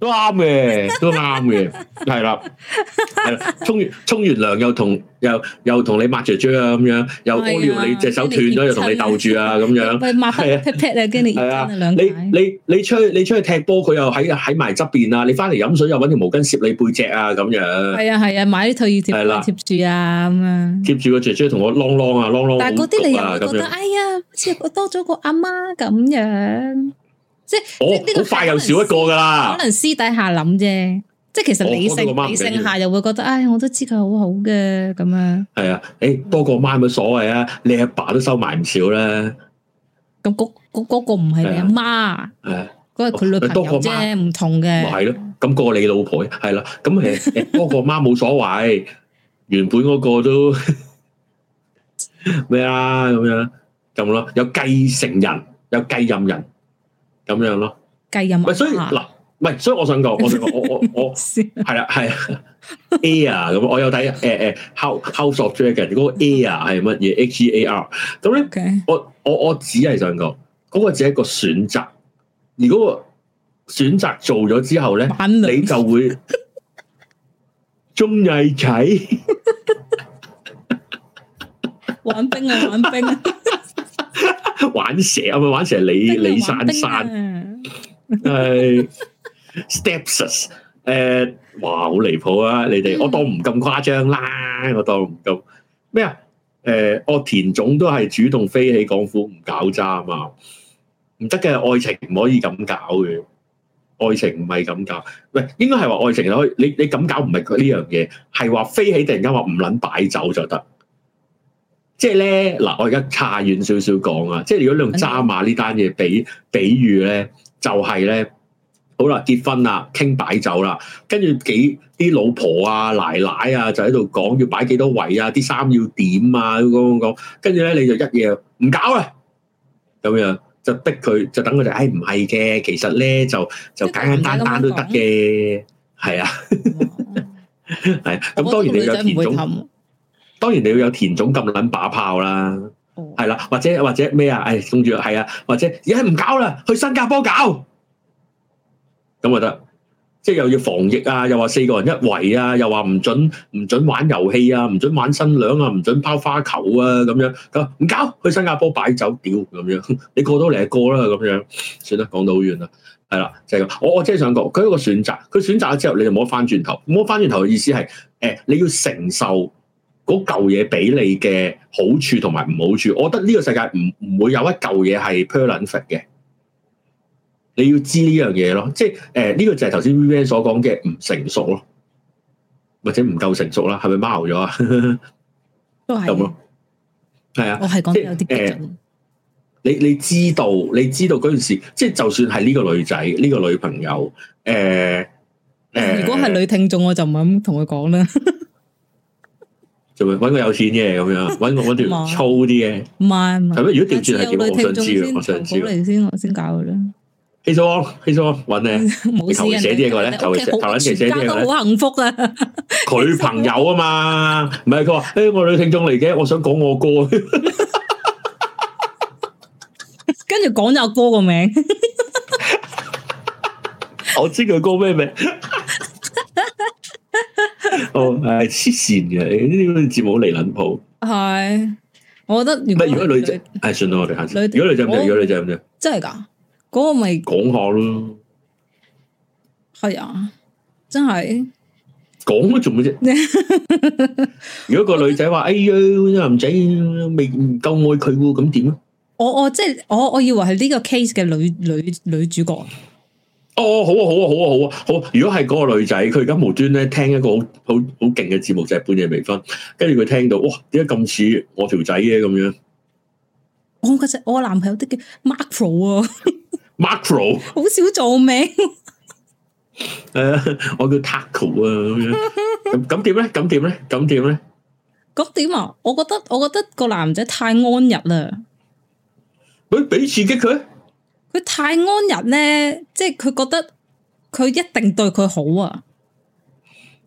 都啱嘅，都啱嘅，係啦， 係啦，沖完沖完涼又同又又同你抹雀雀啊咁樣，又多尿你隻手斷咗，又同你鬥住啊咁樣，係啊踢踢啊，今年係啊，兩個你你你出去你出去踢波，佢又喺喺埋側邊啊，你翻嚟飲水又搵條毛巾摵你背脊啊咁樣，係啊係啊，買套熱貼嚟貼住啊咁啊，貼住個雀雀同我 long long 啊 long long，但係嗰啲你又覺得哎呀，好似我多咗個阿媽咁樣。即係呢個快又少一個噶啦，可能私底下諗啫。即係其實理性理性下又會覺得，唉，我都知佢好好嘅咁啊。係啊，誒，多個媽冇所謂啊，你阿爸都收埋唔少啦。咁嗰嗰嗰個唔係你阿媽，係嗰個佢女朋友啫，多個媽，唔同嘅。係咯，咁個你老婆係啦，咁誒誒，多個媽冇所謂。原本嗰個都咩啊咁樣咁咯，有繼承人，有繼任人。咁樣咯，計音所以嗱，唔係所以我想講，我想講，我我我係啦係啊，Air 咁，我有睇誒誒 House of Dragon 嗰個 Air A i r 係乜嘢 H A R，咁咧我我我只係想講，嗰、嗰個只係一個選擇，而嗰個選擇做咗之後咧，來你就會鐘逸啟玩冰啊玩冰、啊。 玩蛇啊！咪玩蛇，李李珊珊係 stepsis 誒，哇！好離譜啊！你哋我當唔咁誇張啦，我當唔咁咩啊？誒，我田總都係主動飛起港府唔搞渣啊嘛，唔得嘅，愛情唔可以咁搞嘅，愛情唔係咁搞。喂，應該係話愛情可以，你你咁搞唔係呢樣嘢，係話飛起突然間話唔捻擺酒就得。即係咧嗱，我而家差遠少少講啊！即係如果你用揸馬呢單嘢比比喻咧，就係咧，好啦，結婚啦，傾擺酒啦，跟住幾啲老婆啊、奶奶啊，就喺度講要擺幾多位啊，啲衫要點啊，咁樣講，跟住咧你就一樣唔搞啊，咁樣就逼佢，就等佢哋。哎，唔係嘅，其實咧就就簡簡單單都得嘅，係啊，係咁，嗯，當然你個甜筒。當然你要有田總咁撚把炮啦，係啦、嗯，或者或者咩啊？誒，中住係啊，或者而家唔搞啦，去新加坡搞，咁啊得，即係又要防疫啊，又話四個人一圍啊，又話唔准唔准玩遊戲啊，唔准玩新娘啊，唔准拋花球啊，咁樣佢話唔搞，去新加坡擺酒屌咁樣， 你過到嚟過啦咁樣，算啦，講到好遠啦，係啦，就係、是、咁，我即係想講佢一個選擇，佢選擇咗之後，你就唔好翻轉頭，唔好翻轉頭嘅意思係，誒、欸，你要承受。嗰嚿嘢俾你嘅好處同埋唔好處，我覺得呢個世界唔唔會有一嚿嘢係 perfect 嘅。你要知呢樣嘢咯，即係誒呢個就係頭先 Vivian 所講嘅唔成熟咯，或者唔夠成熟啦，係咪貓咗啊？ 都係咁咯，係啊，我係講得有啲誒、呃，你你知道，你知道嗰件事，即係就算係呢個女仔，呢、呢個女朋友，誒、呃，呃、如果係女聽眾，我就唔敢同佢講啦。 .就搵個有錢嘅咁樣，搵個搵條粗啲嘅。唔係，係咩？如果調轉係幾好，我想知，我想知。先我先搞佢啦。He So He So 揾你，寫啲嘢過嚟，求其寫啲嘢咧。好幸福啊！佢朋友啊嘛，唔係佢話，誒，我女聽眾嚟嘅，我想講我歌。跟住講咗歌個名。我知佢個歌咩名。哦，係黐線嘅，呢啲節目嚟撚譜。係，我覺得如果女仔係算啦，我哋行先。如果女仔唔着，哎、先先人如果女仔咁着，真係噶？嗰、那個咪、就、講、是、下咯。係啊，真係講都做乜啫？啊、 如果個女仔話，的哎呀，男仔未唔夠愛佢，咁點啊？我我即係、就是、我我以為係呢個 case 嘅女女女，女主角。哦，好啊，好啊，好啊，好啊，好！如果係嗰個女仔，佢而家無端咧聽一個好好好勁嘅節目，就係半夜微醺，跟住佢聽到，哇！點解咁似我條仔嘅咁樣？我其實我男朋友都叫 Macro 啊，Macro 好少做名。誒，我叫 Taco 啊，咁樣咁點咧？咁點咧？咁點咧？咁點啊？我覺得我覺得個男仔太安逸啦。喂，俾刺激佢。佢泰安人咧，即係佢覺得佢一定對佢好啊。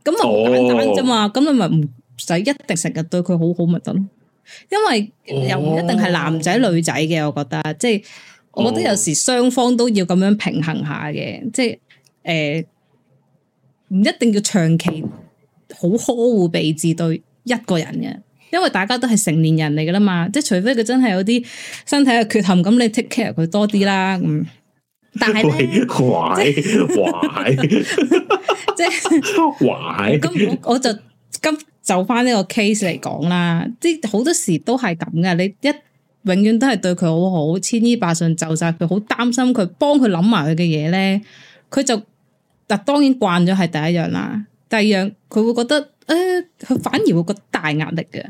咁啊好簡單啫嘛，咁你咪唔使一定成日對佢好好咪得咯，因為又唔一定係男仔女仔嘅，我覺得即係我覺得有時雙方都要咁樣平衡下嘅，oh. 即係誒唔一定要長期好呵護備至對一個人嘅。因為大家都係成年人嚟噶啦嘛，即係除非佢真係有啲身體嘅缺陷，咁你 take care 佢多啲啦。咁、嗯，但係咧，即係壞，即係壞。根本我就今就翻呢個 case 嚟講啦，即係好多時都係咁噶。你一永遠都係對佢好好，千依百順，就晒佢，好擔心佢，幫佢諗埋佢嘅嘢咧，佢就但，當然慣咗係第一樣啦。第二樣，佢會覺得誒，佢、呃、反而會覺大壓力嘅。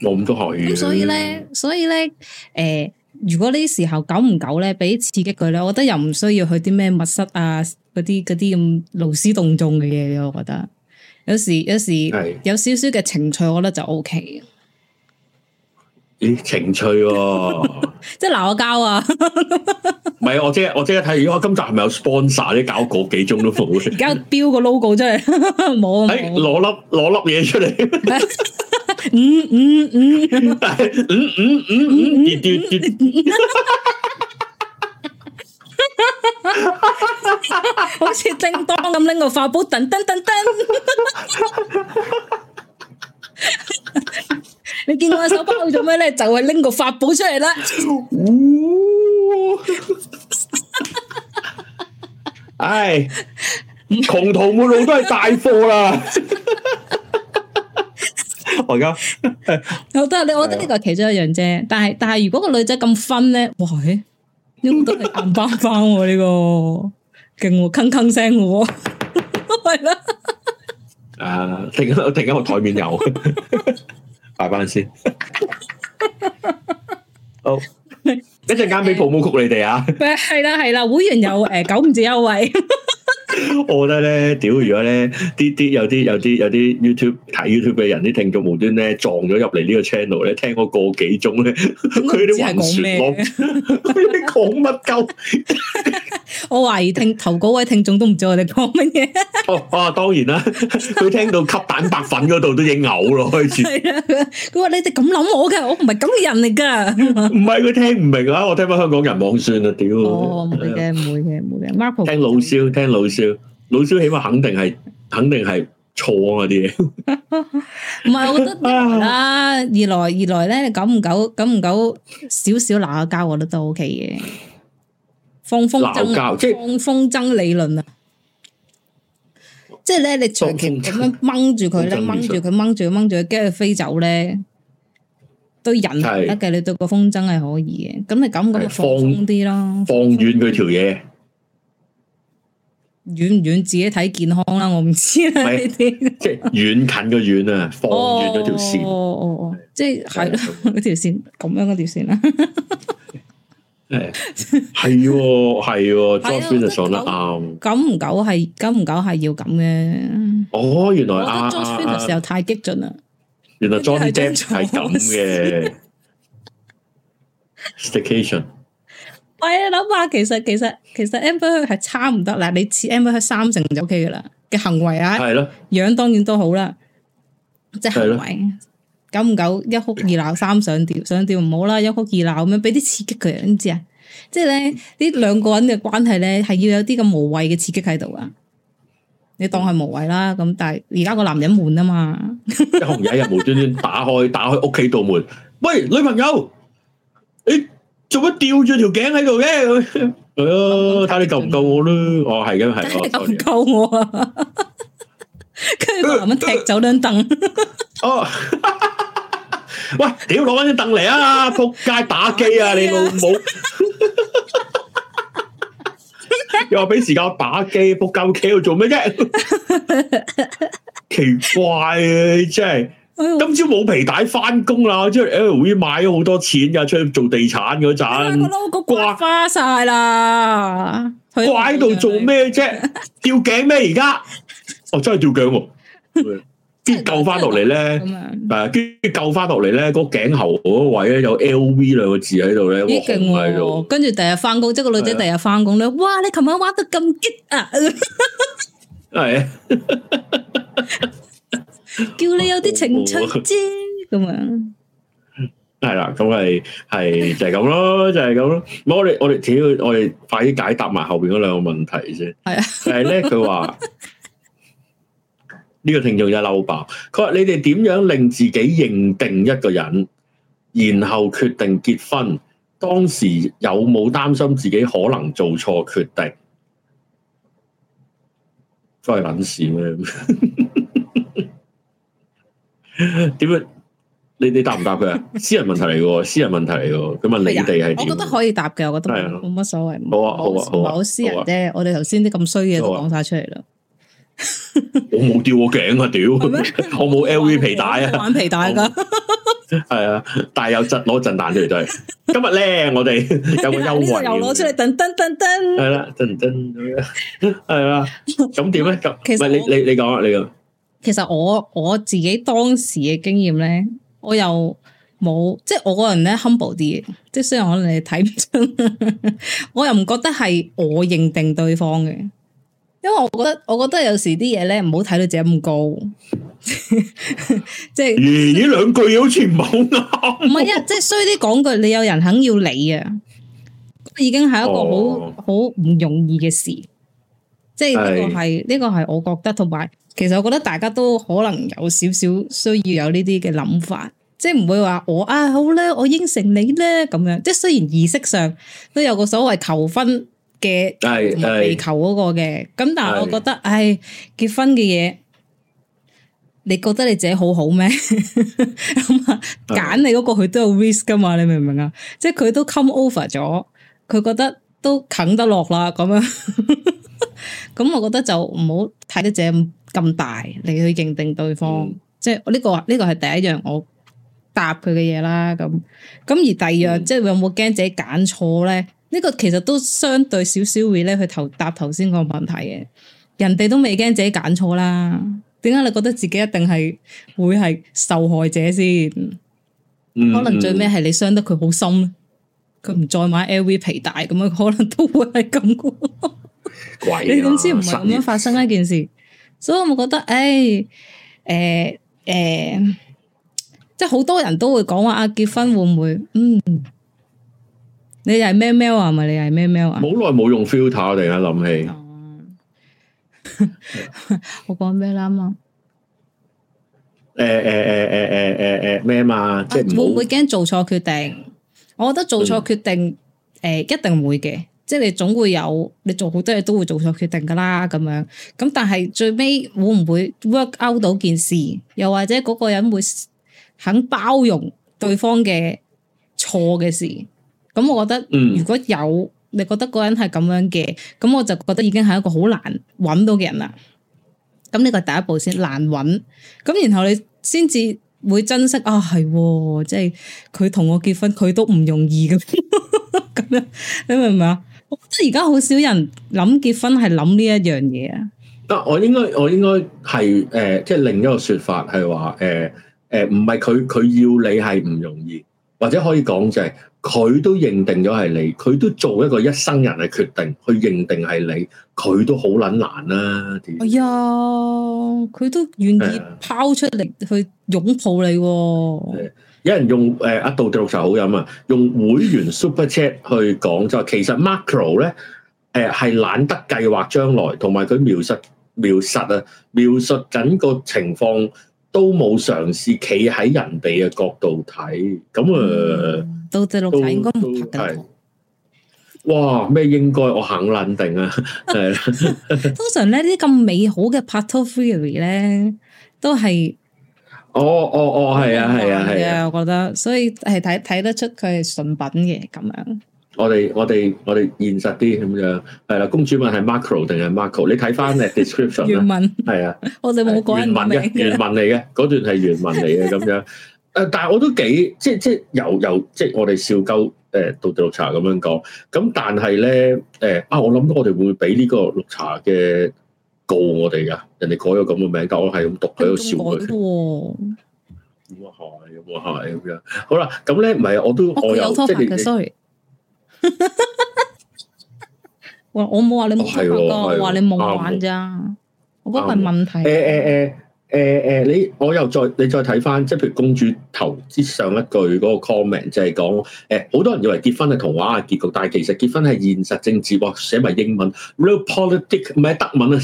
冇咁多學院。所以咧，所以咧，誒，如果呢時候久唔久咧，俾刺激佢咧，我覺得又唔需要去啲咩密室啊，嗰啲嗰啲咁勞師動眾嘅嘢，我覺得有時有時有少少嘅情趣，我覺得，是我覺得就 O K 咦？情趣？即係鬧下交啊？唔係 架、啊， 我即係我即刻睇，如果我今集係咪有 sponsor 咧，搞嗰幾鐘都冇。而 家標個 logo 出嚟，冇冇攞粒攞粒嘢出嚟.。 嗯嗯嗯，嗯嗯嗯嗯，哈哈哈哈哈哈哈哈哈哈哈哈，好似叮噹咁拎個法寶，噔噔噔噔，噔， 你見我手包做咩咧？就係拎個法寶出嚟啦 ！嗚，哎，窮途末路都係大貨啦！我而家、哎， 我覺得你，我覺得呢個係其中一樣啫、啊。但係但係，如果個女仔咁分咧，哇，呢、這個都係硬邦邦喎，呢、這個勁鏗吭聲嘅、哦，係啦。啊，uh, 停我停喺我台面有， 拜班你先。好、 oh.。一陣間俾保姆曲你哋啊！係啦係啦，會員有誒九五折優惠。我覺得咧，屌！如果咧啲啲有啲有啲有啲 YouTube 睇 YouTube 嘅人，啲聽眾無端咧撞咗入嚟呢個 channel 咧，聽我個幾鐘咧，佢都話，我講乜鳩？我懷疑聽頭嗰位聽眾都唔知我哋講乜嘢。哦，當然啦，佢聽到吸蛋白粉嗰度都已經嘔咯，開始。係啊！佢話：你哋咁諗我㗎，我唔係咁嘅人嚟㗎。唔係佢聽唔明啊！啊！我聽翻香港人網算啦，屌！唔會嘅，唔會嘅，唔會嘅。聽老蕭，聽老蕭，老蕭起碼肯定係，肯定係錯啊啲嘢。唔係，我覺得啦，二來二來咧，久唔久，久唔久，少少鬧下交，我覺得都 OK 嘅。放風箏，放風箏理論啊！即係咧，你長期咁樣掹住佢咧，掹住佢，掹住佢，掹住佢，驚佢飛走咧。對人係得嘅，你對個風箏係可以嘅。咁你感覺就放鬆啲咯，放遠佢條嘢，遠唔遠自己睇健康啦，我唔知。係即係遠近嘅遠啊，放遠咗條線。哦哦哦，哦，哦，即係係嗰條線咁樣嘅條線啦、啊。係係係，Josephine 上得啱，久唔久係久唔久係要咁嘅。哦，原來 Josephine、啊、又太激進啦。原來 John James 係咁嘅，station。喂， 諗下，其實其實其實 Emma 係差唔多啦。你似 Emma 三成就 OK 噶啦，嘅行為啊，係咯，樣當然都好啦，即係是的 行為。久唔久一哭二鬧三上吊，上吊唔好啦，一哭二鬧咁樣，俾啲刺激佢，你知唔知啊？即係咧，呢兩個人嘅關係咧，係要有啲咁無謂嘅刺激喺度啊！你當係無謂啦，咁但係而家個男人悶啊嘛，熊仔又無端端打開打開屋企度門，喂，女朋友，你做乜吊住條頸喺度嘅？係咯，睇你救唔救我啦，我係嘅係，救唔救我啊？跟住個男人踢走張凳，哦，喂，屌，攞翻張凳嚟啊！仆街打機啊，你老母！ 又話俾時間我打機，仆鳩企度做咩啫？ 奇怪，真係、哎、呦今朝冇皮帶翻工啦！即係 LV 買咗好多錢噶，出去做地產嗰陣，個 logo 刮花晒啦，掛喺度做咩啫？吊頸咩？而家哦， 頸 oh，真係吊頸。 救翻落嚟咧，誒，跟住救翻落嚟咧，嗰頸喉嗰位咧有 LV 兩個字喺度咧，喺度。跟住第日翻工，即係個女仔第日翻工咧，哇！你琴晚玩得咁激啊！係啊，叫你有啲情趣啫，咁樣。係啦，咁係係就係咁咯，就係咁咯。唔，我哋我哋，屌我哋快啲解答埋後邊嗰兩個問題先。係啊，但係咧佢話。呢個聽眾就嬲爆，佢話：你哋點樣令自己認定一個人，然後決定結婚？當時有冇擔心自己可能做錯決定？都係撚事咩？點樣？你哋答唔答佢啊？私人問題嚟喎，私人問題嚟嘅。佢問你哋係我覺得可以答嘅，我覺得冇乜所謂。好啊好啊好私人啫，我哋頭先啲咁衰嘢都講晒出嚟啦。 我冇吊個頸啊！屌，我冇 LV 皮帶啊，玩皮帶噶，係啊，但係有陣攞陣彈出嚟，今日靚，我哋有個優惠，又攞出嚟，噔噔噔噔，係啦，噔噔咁樣，係啦，咁點咧？咁，唔係你你你講啊？你講，其實我我自己當時嘅經驗咧，我又冇，即係我個人咧，humble 啲，即係雖然可能你睇，唔 我又唔覺得係我認定對方嘅。因為我覺得，我覺得有時啲嘢咧唔好睇到自己咁高，即係咦呢兩句好似唔好啱，唔係啊，即係衰啲講句，你有人肯要你啊，已經係一個好好唔容易嘅事，即係呢個係呢個係，我覺得同埋，其實我覺得大家都可能有少少需要有呢啲嘅諗法，即係唔會話我啊好咧，我應承你咧咁樣，即係雖然儀式上都有個所謂求婚。嘅同地球嗰個嘅，咁但係我覺得，唉，結婚嘅嘢，你覺得你自己好好咩？咁啊，揀你嗰個佢都有 risk 噶嘛？你明唔明啊？即係佢都 come over 咗，佢覺得都啃得落啦。咁樣，咁我覺得就唔好睇得自己咁大，你去認定對方。即係呢個呢個係第一樣我答佢嘅嘢啦。咁咁而第二樣，即係有冇驚自己揀錯咧？呢個其實都相對少少會咧，去投答頭先個問題嘅。人哋都未驚自己揀錯啦，點解你覺得自己一定係會係受害者先？可能最尾係你傷得佢好深，佢唔再買 LV 皮帶咁樣，可能都會係咁嘅。貴啊、 你點知唔係咁樣發生一件事？所以我覺得，誒、哎，誒、呃，誒、呃，即係好多人都會講話啊，結婚會唔會？嗯。你又係咩咩話？咪你又係咩咩話？好耐冇用 filter，嚟哋而諗起。 我講咩啦嘛？誒誒誒誒誒誒誒咩嘛？即係會唔會驚做錯決定？我覺得做錯決定誒、嗯呃、一定會嘅，即係你總會有你做好多嘢都會做錯決定噶啦，咁樣。咁但係最尾會唔會 work out 到件事？又或者嗰個人會肯包容對方嘅錯嘅事？咁我覺得，如果有、嗯、你覺得嗰人係咁樣嘅，咁我就覺得已經係一個好難揾到嘅人啦。咁呢個第一步先難揾，咁然後你先至會珍惜。啊，係、哦，即係佢同我結婚，佢都唔容易咁咁樣。 你明唔明啊？我覺得而家好少人諗結婚係諗呢一樣嘢啊。啊，我應該我應該係誒，即、呃、係、即係、另一個說法係話，誒、呃、誒，唔係佢佢要你係唔容易。或者可以講就係、是、佢都認定咗係你，佢都做一個一生人嘅決定去認定係你，佢都好撚難啦。哎呀，佢都願意拋出力去擁抱你喎、啊哎。有人用誒阿、啊、道嘅綠茶好飲啊，用會員 Super Chat 去講就係其實 Macro 咧誒係、啊、懶得計劃將來，同埋佢描述描述啊描述緊個情況。都冇嘗試企喺人哋嘅角度睇，咁啊，到隻鹿仔應該唔拍緊。哇！咩應該我肯撚定啊，係通常咧，呢啲咁美好嘅拍拖 theory 咧，都係。哦哦哦，係啊係啊係啊，啊我覺得，啊啊啊、所以係睇睇得出佢係純品嘅咁樣。我哋我哋我哋現實啲咁樣，係啦。公主問係 Macro 定係 Marco 你睇翻誒 description 啦。原文係啊，我哋冇改名嘅。原文嚟嘅嗰段係原文嚟嘅咁樣。誒，但係我都幾即即由由即我哋笑鳩誒讀讀綠茶咁樣講。咁但係咧誒啊！我諗到我哋會唔會俾呢個綠茶嘅告我哋㗎。人哋改咗咁嘅名，但我係咁讀喺度笑佢。咁啊咁啊好啦，咁咧唔係我都我有 sorry。 我我冇話你冇話你冇玩咋，我嗰份問題、啊。誒誒誒誒你我又再你再睇翻，即係譬如公主頭之上一句嗰個 comment 就係講，誒、欸，好多人以為結婚係童話嘅結局，但係其實結婚係現實政治，寫埋英文 Realpolitik 唔係德文啊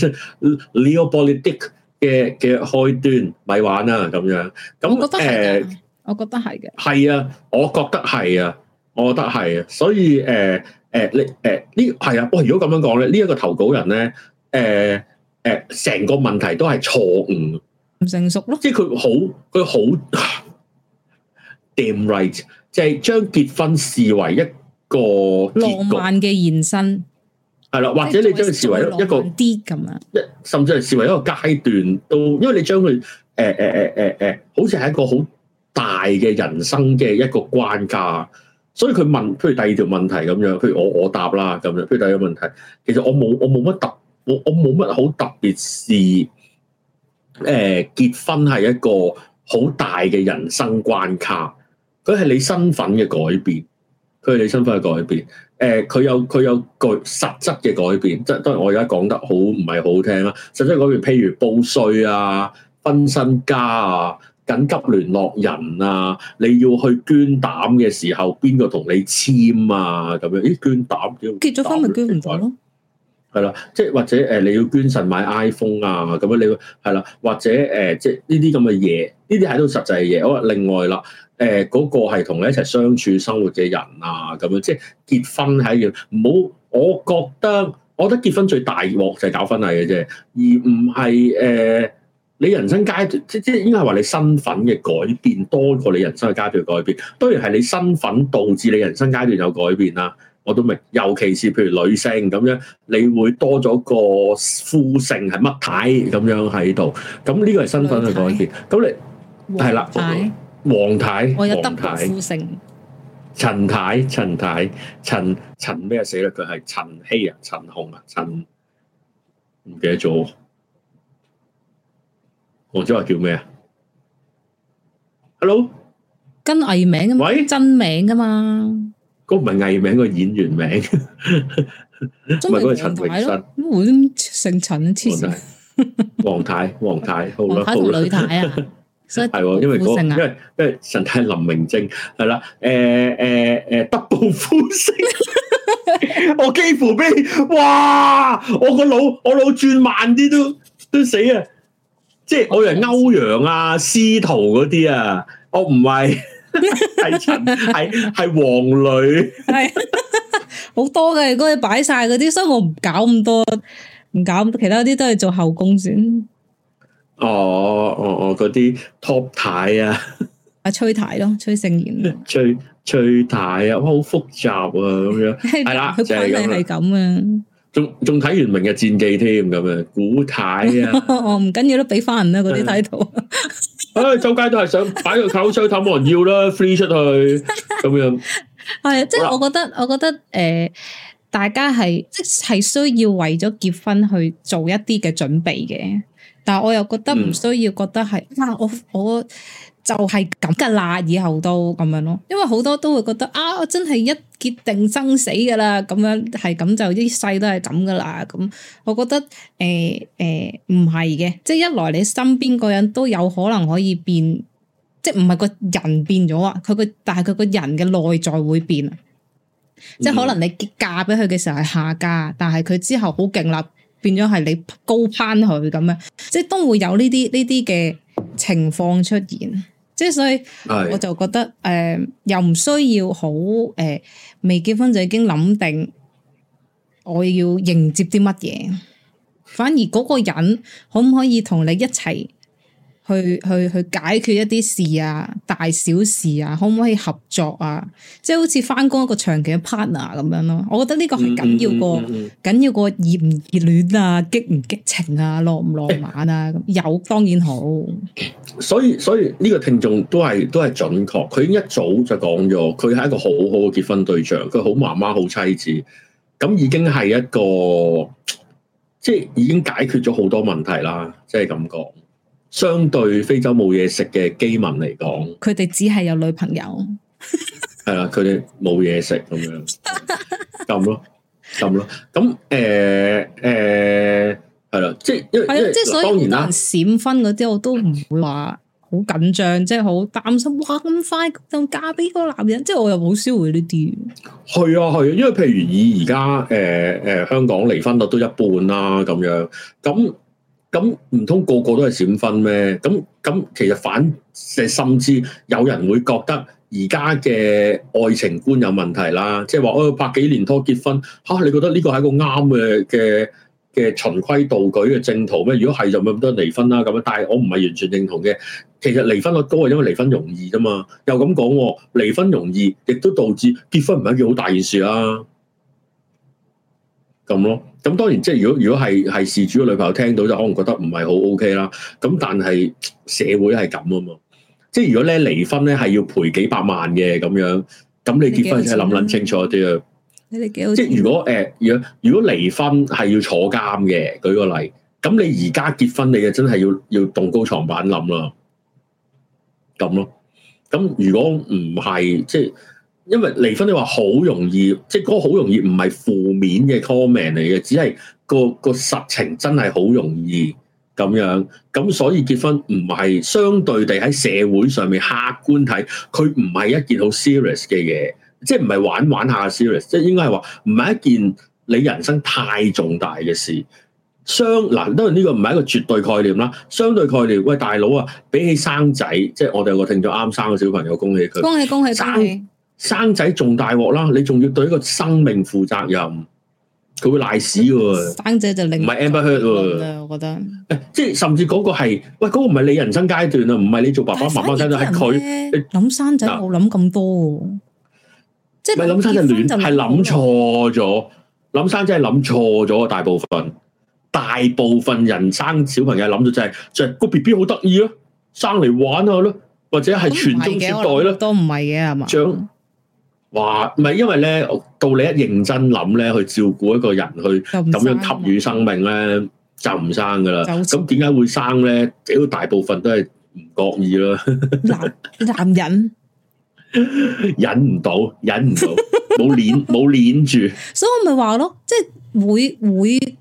，Realpolitik 嘅嘅開端咪玩啦咁樣。咁、嗯、誒，我覺得係嘅。係、呃、啊，我覺得係 啊。我覺得係啊，所以誒誒你誒呢係啊，我如果咁樣講咧，呢、這、一個投稿人咧，誒誒成個問題都係錯誤，唔成熟咯。即係佢好佢好 Damn right，就係將結婚視為一個浪漫嘅延伸，係啦，或者你將佢視為一個啲咁樣，一甚至係視為一個階段都，因為你將佢誒誒誒誒誒，好似係一個好大嘅人生嘅一個關卡。所以佢問，譬如第二條問題咁樣，譬如我我答啦咁樣。譬如第二個問題，其實我冇我冇乜特，我我冇乜好特別事。誒、呃，結婚係一個好大嘅人生關卡，佢係你身份嘅改變，佢係你身份嘅改變。誒、呃，佢有佢有個實質嘅改變，即係當然我而家講得好唔係好聽啦。實質改變，譬如報稅啊，分身家啊。緊急聯絡人啊！你要去捐膽嘅時候，邊個同你簽啊？咁樣，咦？捐膽結咗婚咪捐唔到咯？係啦，即係或者誒，你要捐腎買 iPhone 啊？咁樣你會係啦，或者誒，即係呢啲咁嘅嘢，呢啲喺度實際嘅嘢。我話另外啦，誒、那、嗰個係同你一齊相處生活嘅人啊，咁樣即係結婚係一樣。唔好，我覺得，我覺得結婚最大鑊就係搞婚禮嘅啫，而唔係誒。呃你人生階段即即應該係話你身份嘅改變多過你人生嘅階段嘅改變，當然係你身份導致你人生階段有改變啦。我都明，尤其是譬如女性咁樣，你會多咗個夫姓係乜太咁樣喺度，咁呢個係身份嘅改變。咁你係啦，王太，你王太，我有得夫姓，陳太，陳太，陳陳咩死啦？佢係陳希啊，陳紅啊，陳唔記得咗。黃子華叫咩啊？Hello，跟藝名啊？喂，真名㗎嘛？嗰唔係藝名，嗰個演員名。唔係嗰個陳炳新，我姓陳，黐線。黃太，黃太，好啦，好啦。女太啊，係，因為嗰，因為因為神太林明正係啦，誒誒誒，double 膚色，我幾乎俾，哇！我個腦，我腦轉慢啲都都死啊！即係我以為歐陽啊、司徒嗰啲啊，我唔係係陳，係係 王女， 係好多嘅嗰啲擺晒嗰啲，所以我唔搞咁多，唔搞咁多。其他啲都係做後宮先。哦哦哦，嗰、哦、啲 top 太啊，阿、 啊、崔太咯，崔勝賢 ，崔崔太啊，好複雜啊，咁樣係啦，就係咁啊。仲仲睇完明日戰記添咁啊，古太啊， 我唔緊要都俾翻人啦，嗰啲睇到。唉、 哎，周街都係想擺個口水氹，冇人要啦，free 出去咁樣。係， 即係我，吧我覺得，我覺得誒、呃，大家係即係需要為咗結婚去做一啲嘅準備嘅，但係我又覺得唔需要，覺得係、嗯、啊，我我。就係咁噶啦，以後都咁樣咯。因為好多都會覺得啊，我真係一決定生死噶啦，咁樣係咁就一世都係咁噶啦。咁我覺得誒誒唔係嘅，即係一來你身邊個人都有可能可以變，即係唔係個人變咗啊，佢個但係佢個人嘅內在會變，嗯、即係可能你嫁俾佢嘅時候係下嫁，但係佢之後好勁啦，變咗係你高攀佢咁樣，即係都會有呢啲呢啲嘅情況出現。即係所以，我就覺得誒、呃，又唔需要好誒，未、呃、結婚就已經諗定我要迎接啲乜嘢，反而嗰個人可唔可以同你一齊？去去去解決一啲事啊，大小事啊，可唔可以合作啊？即係好似翻工一個長期嘅 partner 咁樣咯、啊。我覺得呢個係緊要過，緊、嗯嗯嗯、要過熱唔熱戀啊，激唔激情啊，浪唔浪漫啊。咁、欸、有當然好。所以所以呢個聽眾都係都係準確。佢一早就講咗，佢係一個好好嘅結婚對象，佢好媽媽，好妻子，咁已經係一個即係、就是、已經解決咗好多問題啦。即係咁講。相對非洲冇嘢食嘅飢民嚟講，佢哋只係有女朋友，係 啦，佢哋冇嘢食咁樣，咁咯， 咁咯，咁誒誒係啦，即係因為，係啊，即係所以當然啦，閃婚嗰啲我都唔會話好緊張，即係好擔心，哇咁快就嫁俾個男人，即係我又冇消會呢啲，係啊係啊，因為譬如以而家誒誒香港離婚率都一半啦、啊、咁樣，咁。咁唔通個個都係閃婚咩？咁咁其實反，甚至有人會覺得而家嘅愛情觀有問題啦，即係話哦，拍幾年拖結婚嚇、啊，你覺得呢個係一個啱嘅嘅嘅循規蹈矩嘅正途咩？如果係就冇咁多離婚啦咁樣，但係我唔係完全認同嘅。其實離婚率高係因為離婚容易啫嘛，又咁講離婚容易，亦都導致結婚唔係一件好大件事啊。咁咯，咁當然即係如果如果係係事主嘅女朋友聽到就可能覺得唔係好 O K 啦，咁但係社會係咁啊嘛，即係如果咧離婚咧係要賠幾百萬嘅咁樣，咁你結婚先諗諗清楚啲啊，你哋幾好？即係如果誒，若、呃、如果離婚係要坐監嘅，舉個例，咁你而家結婚你就真係要要動高床板諗啦，咁咯，咁如果唔係即係。因為離婚你話好容易，即係嗰個好容易，唔係負面嘅 comment 嚟嘅，只係個個實情真係好容易咁樣，咁所以結婚唔係相對地喺社會上面客觀睇，佢唔係一件好 serious 嘅嘢，即係唔係玩玩下 serious，即係應該係話唔係一件你人生太重大嘅事。相嗱，當然呢個唔係一個絕對概念啦，相對概念，喂大佬啊，比起生仔，即係我哋有個聽眾啱生個小朋友，恭喜佢，恭喜但恭喜恭生仔仲大鑊啦！你仲要對一個生命負責任，佢會賴屎嘅。生仔就令唔係 Amber Heard 我覺得。誒，即係甚至嗰個係喂，嗰個唔係你人生階段啊，唔係你做爸爸媽媽階段，係佢諗生仔冇諗咁多。即係諗生仔亂係諗錯咗，諗生仔係諗錯咗啊！大部分，大部分人生小朋友諗到就係就個 BB 好得意咯，生嚟玩下咯，或者係傳宗接代咯，都唔係嘅係嘛，哇，唔係，因為咧，到你一認真諗咧，去照顧一個人，去咁樣給予生命咧，就唔生噶啦。咁點解會生咧？幾乎大部分都係唔覺意咯。男男人忍唔到，忍唔到，冇捻冇捻住，所以我咪話咯，即係會會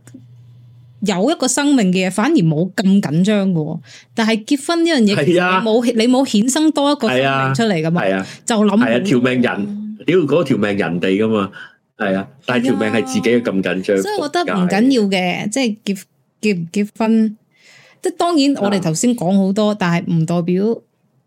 有一個生命嘅嘢，反而冇咁緊張噶。但係結婚呢樣嘢，冇你冇衍生多一個生命出嚟噶嘛，就諗係啊條命人。屌，嗰條命人哋噶嘛，係啊，但係條命係自己咁緊張，所以我覺得唔緊要嘅，即係結結唔結婚，即係當然我哋頭先講好多，但係唔代表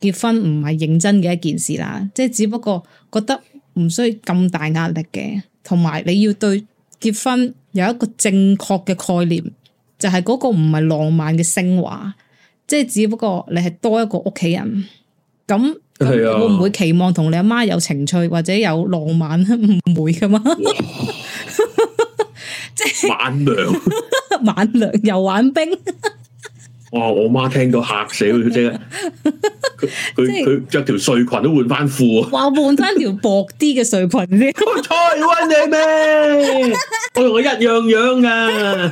結婚唔係認真嘅一件事啦，即係只不過覺得唔需要咁大壓力嘅，同埋你要對結婚有一個正確嘅概念，就係嗰個唔係浪漫嘅升華，即係只不過你係多一個屋企人咁。會唔會期望同你阿媽有情趣或者有浪漫？唔會噶嘛？即係晚娘， 晚娘又玩冰。 哇！我媽聽到嚇死佢啫，佢佢着條睡裙都換翻褲啊！話換翻條薄啲嘅睡裙先，台灣你咩？我同佢一樣樣啊！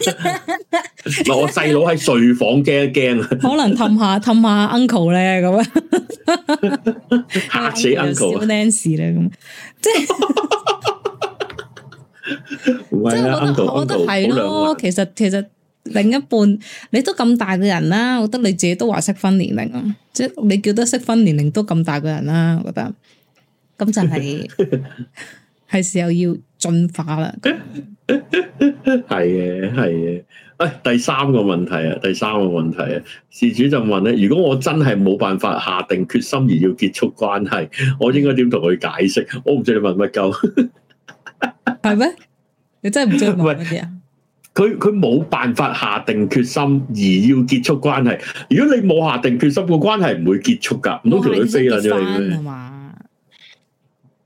嗱，我細佬喺睡房驚一驚啊！可能氹下氹下 uncle 咧咁啊，嚇死 uncle，小 Nancy 咧咁，即係我覺得我覺得係咯，其實其實。另一半，你都咁大個人啦，我覺得你自己都話適婚年齡啊，即係你叫得適婚年齡都咁大個人啦，我覺得，咁就係係時候要進化啦。係嘅，係嘅。誒，第三個問題啊，第三個問題啊，事主就問咧：如果我真係冇辦法下定決心而要結束關係，我應該點同佢解釋？我唔知你問乜鳩，係咩？你真係唔知問乜嘢啊？佢佢冇辦法下定決心而要結束關係。如果你冇下定決心係，個關係唔會結束噶。唔通條女飛啦啫？你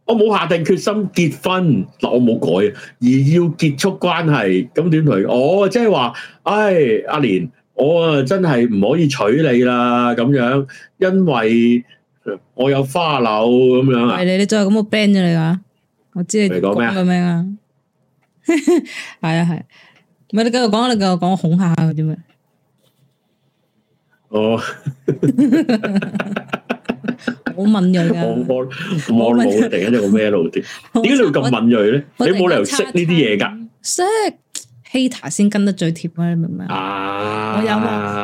我冇下定決心結婚嗱嗎，我冇改，而要結束關係，咁點同？我即係話，唉，阿蓮，我啊真係唔可以娶你啦，咁樣，因為我有花柳咁樣啊。你你再係咁個 band 你嘛？我知你講咩 啊？係啊，係。唔係，你繼續講，你繼續講，我恐吓佢點咩？哦，好敏銳啊！我冇突然間有個咩路點？點解你會咁敏銳咧？你冇理由識呢啲嘢噶？識 Hater 先跟得最貼啊！你明唔明啊？我有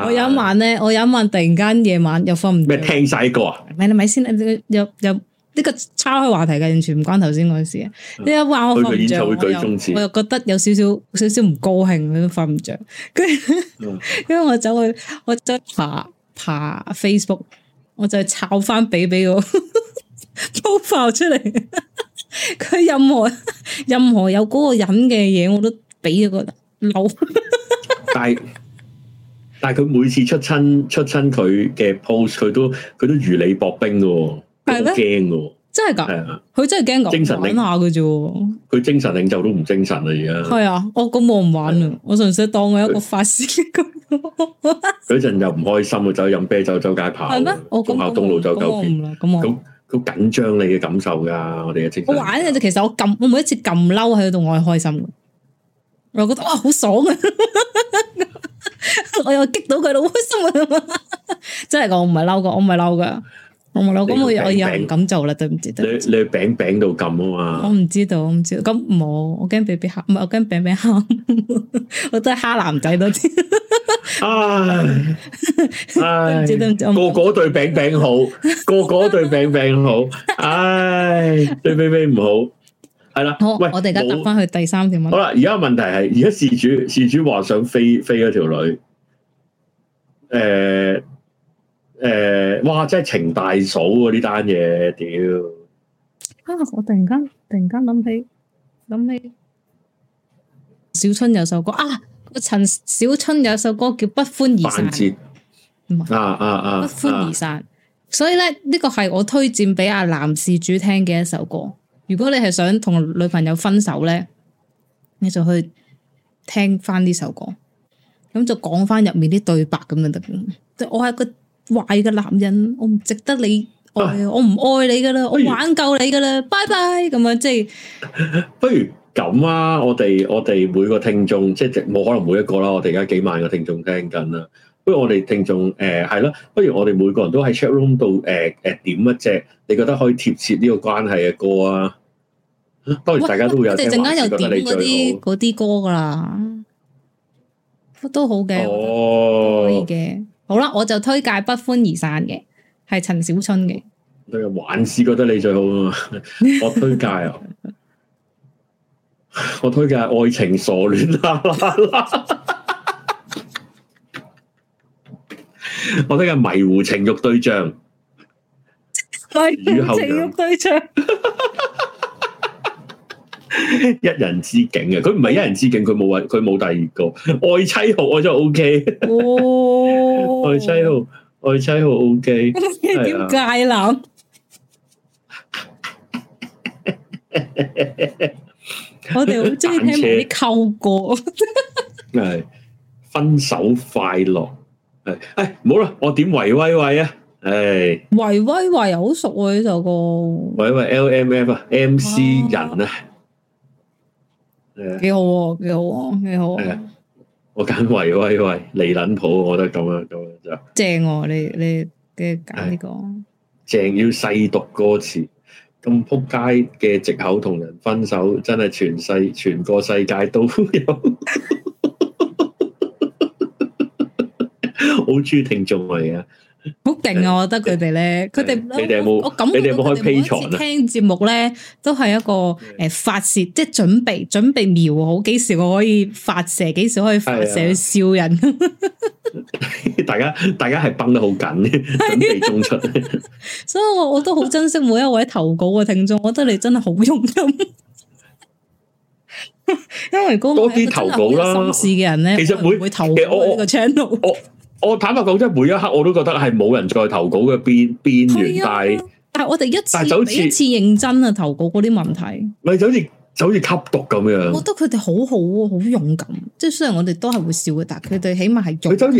我有一晚咧，我有一晚，我有一晚，我有一晚突然間夜晚又瞓唔咩聽晒歌啊？唔係你咪先啊？有。有有有有呢個抄開話題嘅，完全唔關頭先嗰事啊！你一話我瞓唔著，嗯、我又我又覺得有少少少少唔高興，佢都瞓唔着。跟住，因為、嗯、我走去，我就爬爬 Facebook，我就抄翻俾俾我 po 出嚟。佢 任何任何有嗰個人嘅嘢，我都俾咗個嬲。但係但係佢每次出親出親佢嘅 post，佢都佢都,都如履薄冰噶、哦。係咩？驚噶，真係噶，係啊，佢真係驚噶，玩下噶啫。佢精神領袖都唔精神啦，而家係啊，我咁我唔玩啦，我純粹當我一個法師咁。嗰陣又唔開心啊，走去飲啤酒，周街跑，拱校東路周九。咁咁緊張你嘅感受噶，我哋嘅精神。我玩嘅就其實我撳，我每一次撳嬲喺度，我係開心嘅，我又覺得哇好爽啊！我又激到佢咯，好開心啊！真係講，我唔係嬲噶，我唔係嬲噶。我冇啦，咁我我又唔敢做啦，對唔住。你你餅餅到咁啊嘛？我唔知道，我唔知道。咁冇，我驚餅餅蝦，唔係我驚餅餅蝦，我都係蝦男仔多啲。唉唉，個個對餅餅好，個個對餅餅好，唉，對餅餅唔好，係啦。好，喂，我哋而家得翻去第三條問題。好啦，而家問題係，而家事主事主話想飛飛嗰條女，誒。誒、呃，哇！真係情大嫂啊，呢單嘢，屌！啊，我突然間突然間諗起諗起，起小春有首歌啊，陳小春有首歌叫《不歡而散》。啊啊節是啊！啊啊不歡而散，啊、所以咧呢、呢個係我推薦俾阿男事主聽嘅一首歌。如果你係想同女朋友分手咧，你就去聽翻呢首歌，咁就講翻入面啲對白咁就得即我喺個壞嘅男人，我唔值得你愛我，啊、我唔愛你噶啦，如我玩夠你噶啦，拜拜咁樣，即、就、係、是、 不如咁啊！我哋我哋每個聽眾，即係冇可能每一個啦，我哋而家幾萬個聽眾聽緊啦。不如我哋聽眾誒係咯，不如我哋每個人都喺 chat room 度誒誒點一隻你覺得可以貼切呢個關係嘅歌啊？當然大家都有即係陣間又點嗰啲啲歌噶啦、啊，都好嘅，哦、可以嘅。好啦，我就推介不歡而散嘅，係陳小春嘅。對，還是覺得你最好啊！我推介啊， 我推介愛情傻戀， 我推介迷糊情欲對象， 迷情欲對象。 一人之境嘅，佢唔係一人之境，佢冇位，佢冇第二個愛妻號，我真係 O K。哦，愛妻號，愛妻號 O K。點解諗？我哋好中意聽嗰啲扣歌。係分手快樂。係，哎，冇啦，我點維威喂啊？哎，維威喂好熟啊，呢首歌。維威 L M F 啊，M C 人啊。幾好、啊，幾好、啊，幾好、 哎。我揀維威威利捻譜，我覺得咁樣咁樣就正、啊。我你你嘅揀呢個、哎、正要細讀歌詞，咁撲街嘅藉口同人分手，真係全世全個世界都有。 好中意聽眾嚟嘅。好勁啊！我覺得佢哋咧，佢哋你哋有冇我哋每一次聽節目咧，有有都係一個誒發洩，即係準備準備，瞄好幾時我可以發射，幾時可以發射、哎、呀笑人。 大家大家係繃得好緊，的準備中出 所以我我都好珍惜每一位投稿嘅聽眾， 我覺得你真係好用心。 因為嗰啲投稿啦，心事嘅人咧，其實會唔會投個頻道、欸、我個 channel？我坦白講，真係每一刻我都覺得係冇人在投稿嘅邊邊緣，啊、但係但係我哋一次，次一次認真啊投稿嗰啲問題，咪就好似就好似吸毒咁樣。我覺得佢哋好好、啊、好勇敢，即係雖然我哋都係會笑嘅，但係佢哋起碼係佢就好似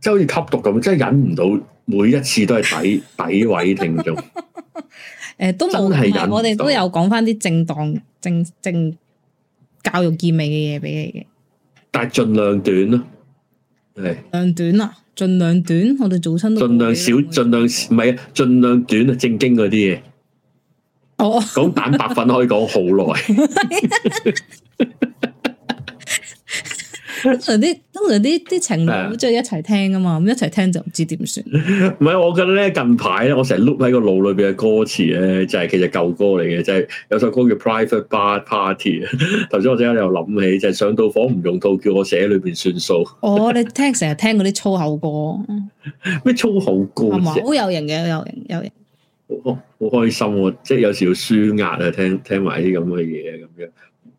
即係好似吸毒咁，即係忍唔到每一次都係睇詆毀聽眾。誒、 呃，都冇係忍，嗯、我哋都有講返啲正當正正，正，正教育意味嘅嘢俾你嘅，但係盡量短咯。量短啊，盡 量短，我哋早餐都盡量少，盡量唔係啊，盡量短啊，正經嗰啲嘢。哦，oh. 講蛋白粉可以講好耐。 通常啲通常啲啲情侶即係一齊聽啊嘛，咁、啊嗯、一齊聽就唔知點算。唔係，我覺得咧近排咧，我成日碌喺個腦裏邊嘅歌詞咧，就係、是、其實舊歌嚟嘅，就係、是、有首歌叫 Private Bar Party。頭先我即刻又諗起，就係、是、上到房唔用套，叫我寫裏邊算數。哦，你聽成日聽嗰啲粗口歌，咩 粗口歌，好有型嘅，有型有型。好，好開心、啊，即係有時要舒壓啊，聽聽埋啲咁嘅嘢咁樣。.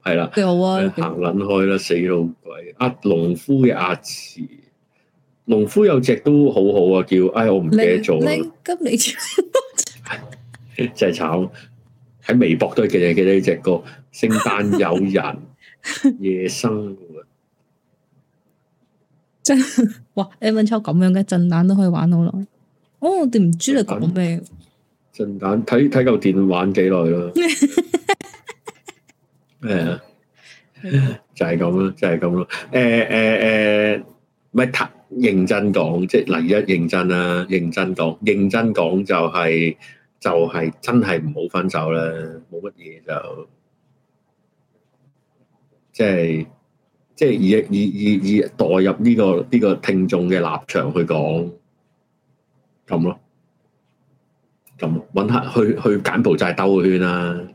係啦，行捻開啦，死老鬼！啊、農阿農夫嘅阿慈，農夫有隻都好好啊，叫哎，我唔記得咗啦。咁你，你 真係慘，喺微博都記記得呢隻歌《聖誕有人 夜生活》真。真哇，Evan 超咁樣嘅震蛋都可以玩好耐。哦，我哋唔知你講咩。震蛋睇睇夠電玩幾耐咯。 係就係咁咯，就係咁咯。誒誒誒，咪認真講，即係嗱，而家認真啦，認真講、啊，認真講就係、是、就係、是、真係唔好分手啦，冇乜嘢就，即係即係以以以以代入呢、這個呢、這個聽眾嘅立場去講，咁咯，咁搵下去去柬埔寨兜個圈啦、啊。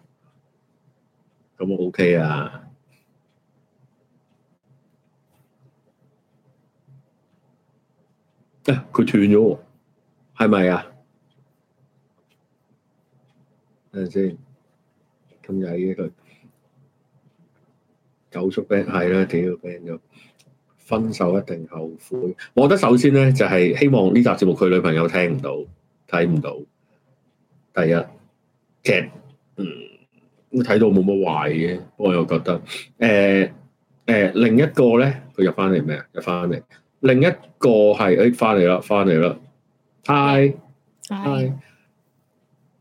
咁我 OK 啊！誒，佢斷咗，係咪啊？等陣先，咁又係呢句九叔 band 係啦，屌 band 咗，分手一定後悔。我覺得首先咧，就係希望呢集節目佢女朋友聽唔到、睇唔到。第一，其實嗯。我睇到冇乜壞嘅，我又覺得，誒誒另一個咧，佢入翻嚟咩啊？入翻嚟，另一個係誒翻嚟啦，翻嚟啦，hi hi，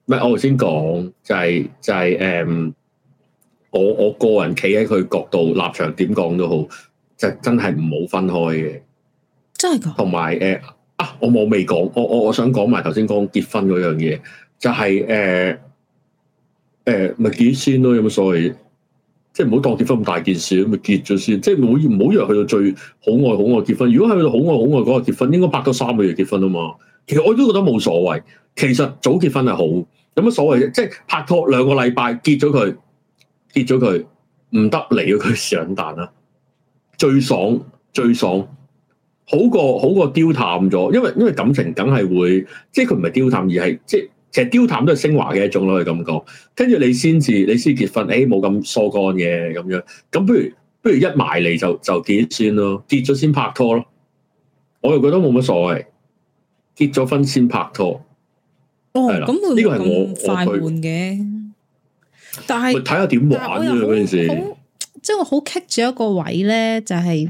咪係我頭先講就係就係誒，我我個人企喺佢角度立場點講都好，就真係唔好分開嘅，真係噶。同埋誒啊，我冇未講，我我我想講埋頭先講結婚嗰樣嘢，就係誒。誒咪、欸、結先咯，有乜所謂？即係唔好當結婚咁大件事，咪結咗先。即係唔好以為去到最好愛好愛結婚。如果喺去到好愛好愛嗰個結婚，應該拍拖三個月結婚啊嘛。其實我都覺得冇所謂。其實早結婚係好，有乜所謂？即係拍拖兩個禮拜結咗佢，結咗佢，唔得嚟咗佢上彈啦。最爽最爽，好過好過丟淡咗。因為因為感情梗係會，即係佢唔係丟淡，而係即係。其實刁談都係升華嘅一種咯、啊，佢咁講。跟住你先至，你先結婚，誒冇咁疏乾嘅咁樣。咁不如不如一埋嚟就就結先咯，結咗先拍拖咯。我又覺得冇乜所謂，結咗婚先拍拖。哦，咁呢啦個係我快悶嘅。但係，但我睇下點玩啊嗰陣時。即係我好棘、就是、住一個位咧，就係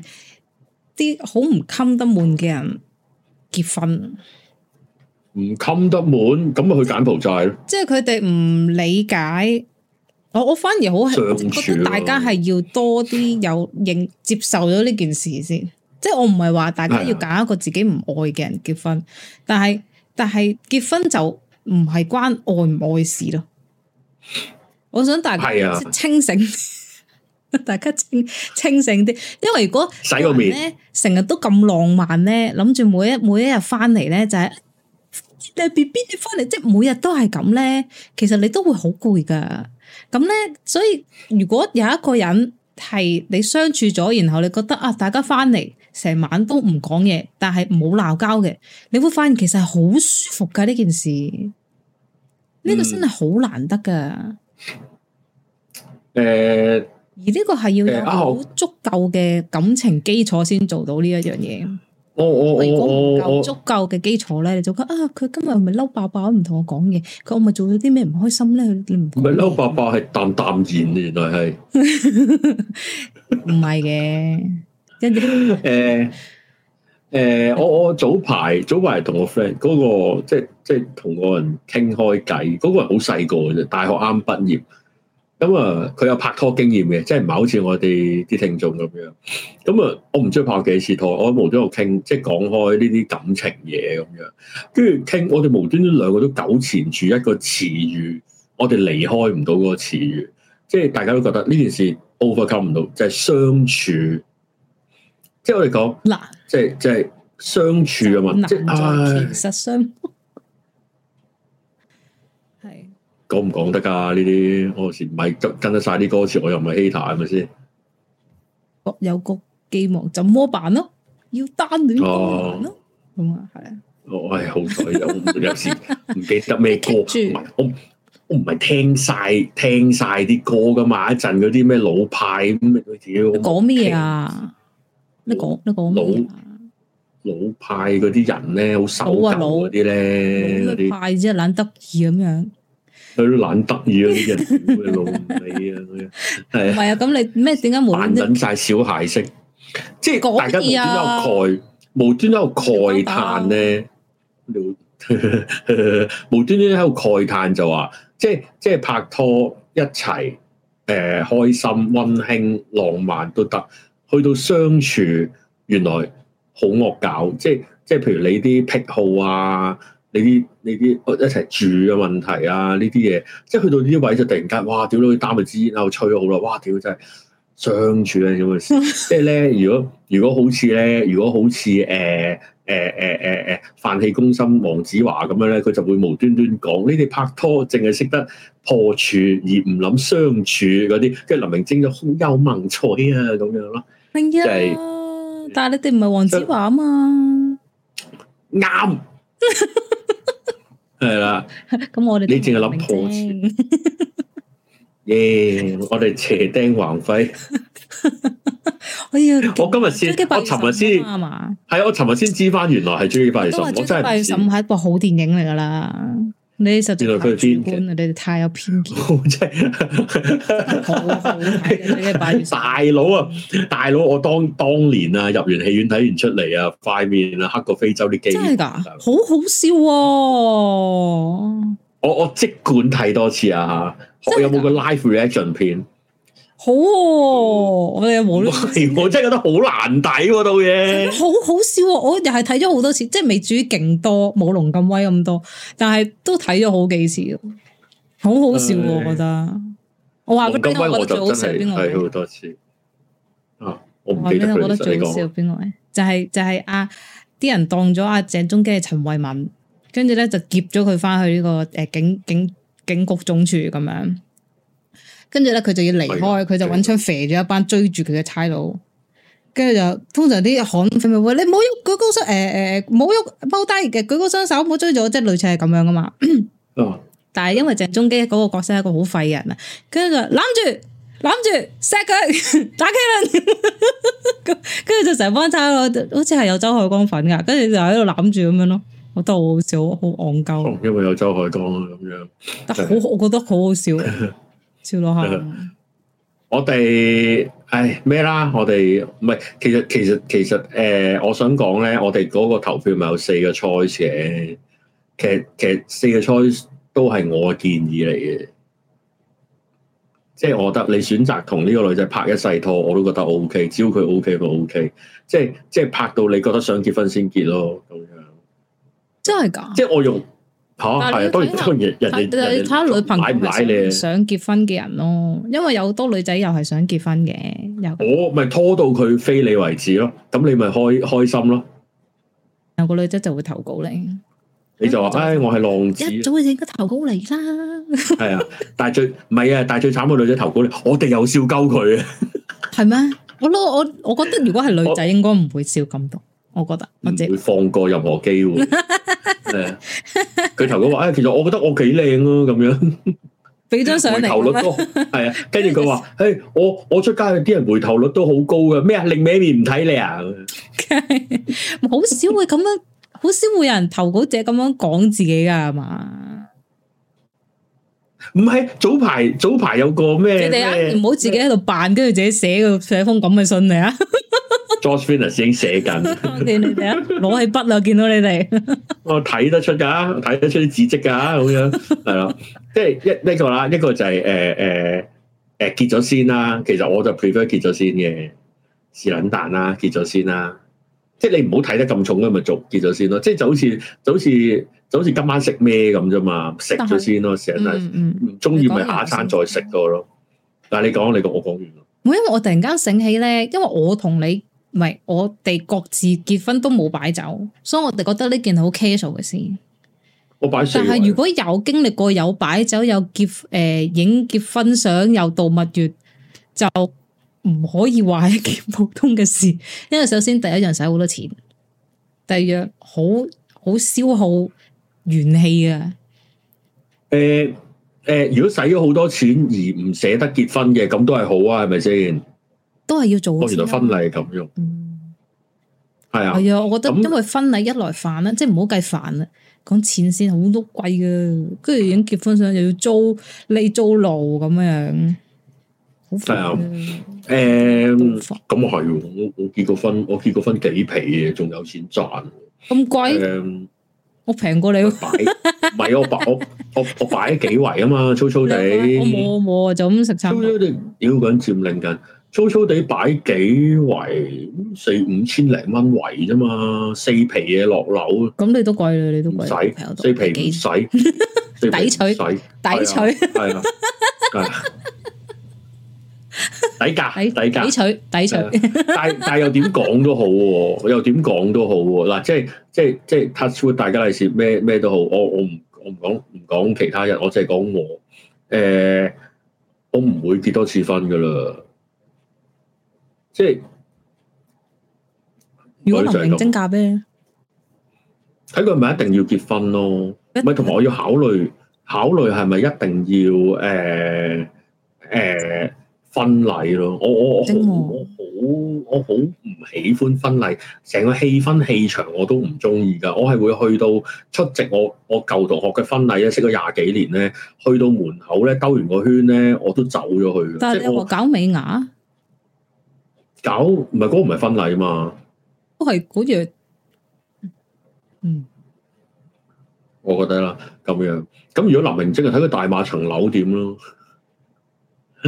啲好唔襟得悶嘅人結婚。唔襟得滿，咁咪去柬埔寨咯。即係佢哋唔理解，我我反而好係覺得大家係要多啲有認接受咗呢件事先。即係我唔係話大家要揀一個自己唔愛嘅人結婚，但係但係結婚就唔係關愛唔愛事咯。我想大家清醒，大家清清醒啲。因為如果洗個面咧成日都咁浪漫咧，諗住每一每一日翻嚟咧就係。你 B B 你翻嚟，即係每日都係咁咧，其實你都會好攰噶。咁咧，所以如果有一個人係你相處咗，然後你覺得啊，大家翻嚟成晚都唔講嘢，但係冇鬧交嘅，你會發現其實係好舒服噶呢件事。呢、呢個真係好難得噶。誒、嗯，而呢個係要有足夠嘅感情基礎先做到呢一樣嘢。我我我足夠嘅基礎咧，我你就覺得啊，佢今日係咪嬲爆爆，唔同我講嘢，佢我咪做咗啲咩唔開心咧？佢唔係嬲爆爆係淡淡然，原來係唔係嘅？跟住誒誒，我我早排早排同我個 friend 嗰個，即係即係同個人傾開偈，嗰個人好細個嘅啫，大學啱畢業。咁啊，佢有拍拖經驗嘅，就是嗯，即係唔係好似我哋啲聽眾咁樣。咁啊，我唔知拍幾次拖，我無端喺度傾，即係講開呢啲感情嘢咁樣，跟住傾，我哋無端端兩個都糾纏住一個詞語，我哋離開唔到嗰個詞語，即係大家都覺得呢件事 overcome 唔到，就係、是、相處。即係我哋講，即係即係相處啊嘛真，即係唉，其實相。講唔講得噶？呢啲、啊、我有時唔係跟跟得晒啲歌詞，我又唔係 hater，係咪先？各有各寄望，怎麼辦咯、啊？要單戀咯，咁啊係啊！我係好彩，有有時，唔記得咩歌，唔係我我唔係聽晒聽晒啲歌噶嘛，一陣嗰啲咩老派咩你自己講咩啊？老你講你講老老派嗰啲人咧，好手啊老嗰啲咧，嗰啲派啫，懶得意咁樣。佢都懶得意啊啲人，佢老味啊，係、 哎、啊。唔係啊，咁你咩？點解冇？扮緊晒小孩式，即係大家無端喺度慨，無端喺度慨嘆咧， 無端端喺度慨嘆就話，即係即係拍拖一齊，誒、呃、開心温馨浪漫都得，去到相處原來好惡搞，即係即係譬如你啲癖好啊，你啲。呢啲一一齊住嘅問題啊，呢啲嘢，即係去到呢啲位就突然間，哇！屌到佢擔住支煙又吹好啦，哇！屌真係相處啊咁嘅事。即係咧，如果如果好似咧，如果好似誒誒誒誒誒，飯氣攻心黃子華咁樣咧，佢就會無端端講你哋拍拖，淨係識得破處而唔諗相處嗰啲。跟住林明晶就好有文采啊，咁樣咯，係啊。但係你哋唔係黃子華啊嘛，啱。係啦，咁、 嗯、我哋你淨係諗套錢，耶！我哋斜釘橫飛，哎呀！我今日先，我尋日先，係啊，我尋日先知翻，原來係《追擊八月十五》。嗯、我真係唔知八月十五係一部好電影嚟噶啦。你實在偏見啊！你哋太有偏見。 好 大佬啊，大佬！我當當年啊，入完戲院睇完出嚟啊，塊面啊黑過非洲啲基。真係㗎，是好好笑喎、啊！我我即管睇多次啊嚇，有冇個 live reaction 片？ 好、哦，我哋有冇咯。我真係覺得難 好難睇套嘢！好好笑、哦。我又係睇咗好多次，即係未至於勁多，冇龍咁威咁多，但係都睇咗好幾次，好好笑、哦哎我。我覺得，我話個邊個最好笑邊個？係好多次。啊，我唔記得咗、啊。其實你講、就是，就係就係阿啲人當咗阿鄭中基係陳慧敏，跟住咧就劫咗佢翻去呢、這個誒、啊、警警警局總處咁樣。跟住咧，佢就要離開，佢的就揾槍肥咗一班追住佢嘅差佬。跟住就通常啲悍匪，佢話你唔好喐，舉高雙手，誒、欸、誒，唔好喐，踎低嘅，舉高雙手，唔好追咗。」即係類似係咁樣噶嘛。哦、但係因為鄭中基嗰個角色係一個廢 aren, 好廢人啊，跟住就攬住攬住，錫佢打茄輪，跟住就成班差佬，好似係有周海光粉噶，跟住就喺度攬住咁樣咯，好逗，好笑，好戇鳩。因為有周海光啊，咁樣。但好是，我覺得好好笑。 超落後， 我哋唉，咩啦？我哋唔係，其實其實其實誒、呃，我想講咧，我哋嗰個投票咪有四個 choice 嘅，其實其實四個 choice 都係我嘅建議嚟嘅，即係我覺得你選擇同呢個女仔拍一世拖，我都覺得 OK，只要佢 OK 佢 OK，即係即係拍到你覺得想結婚先結咯，咁樣。真係噶？即係我用。啊、但係，都都人家人睇家下女朋友唔想，想結婚嘅人咯，的因為有好多女仔又係想結婚嘅。我咪拖到佢非你為止咯，咁你咪開開心咯。有個女仔就會投稿你，你就話：，唉、哎，我係浪子。一早就應該投稿你啦。係 啊，但係最唔係啊，但係最慘個女仔投稿你，我哋又笑鳩佢啊。係 咩？我攞我我覺得如果係女仔應該唔會笑咁多。我覺得我唔會放過任何機會。佢頭先話，誒、哎，其實我覺得我幾靚啊。咁樣，俾張相嚟， 回頭率高，係啊。 跟住佢話，誒， 我我出街，啲人回頭率都好高噶。咩啊，另你面唔睇你啊。 好少會咁樣， 好少會有人投稿者咁樣講自己噶，係嘛？唔係早排，早排有個咩？唔好麼、啊、自己喺度扮，跟住自己寫個寫封咁嘅信嚟啊！ George Venus 已經寫緊，你哋攞起筆啊，見到你哋，我睇得出㗎，睇得出啲字跡㗎，咁樣係啦，即係一呢個啦，一、個就係誒誒誒結咗先啦，其實我就 prefer 結咗先嘅，是撚蛋啦，結咗先啦，即係你唔好睇得咁重啦，咪做結咗先咯，即係就好似就好似就好似今晚食咩咁啫嘛，食咗先咯，成日都唔中意咪下一餐再食過咯，嗯、但係你講你講，我講完。唔係因為我突然間醒起咧，因為我同你 S。 唔係，我哋各自結婚都冇擺酒，所以我哋覺得呢件好 casual 嘅事。我擺，但係如果有經歷過有擺酒、有結誒影、呃、結婚相、又度蜜月，就唔可以話係一件普通嘅事。因為首先第一樣使好多錢，第二樣好好消耗元氣啊。誒誒、呃呃，如果使咗好多錢而唔捨得結婚嘅，咁都係好啊，係咪先？都係要做。我原來婚禮咁用，係啊。係啊，我覺得因為婚禮一來煩啦，即係唔好計煩啦，講錢先，好多貴嘅。跟住已經結婚相又要租你租路咁樣，好煩。誒，咁係，我我結過婚，我結過婚幾皮嘅，仲有錢賺。咁貴？我平過你。擺？唔係我擺我我擺咗幾圍啊嘛，粗粗地。我冇冇就咁食餐。粗粗地，屌，佢佔領緊。粗粗地擺幾圍，四五千零蚊圍啫嘛，四皮嘢落樓。咁你都貴啦，你都貴。唔使用四皮幾使，抵取，抵取，係啊呀，抵價，抵價，抵取，抵取。但但又點講都好喎，又點講都好喎。嗱，即係即係即係 touch wood 大家利是咩咩都好。我我唔我唔講唔講，講其他人，我就係講我。誒、呃，我唔會結多次婚噶啦。嗯即係，如果同人競假嫁咩？睇佢係咪一定要結婚咯？唔係同埋我要考慮，考慮係咪一定要誒誒、欸欸、婚禮咯？我我我好 我好我好唔喜歡婚禮，成個氣氛氣場我都唔中意噶。我係會去到出席我我舊同學嘅婚禮咧，識咗廿幾年咧，去到門口咧兜完個圈咧，我都走咗去了。但係你又搞美牙？搞唔係嗰個唔係婚禮啊嘛，都係嗰樣，嗯，我覺得啦，咁樣咁如果林明晶係睇佢大馬層樓點咯，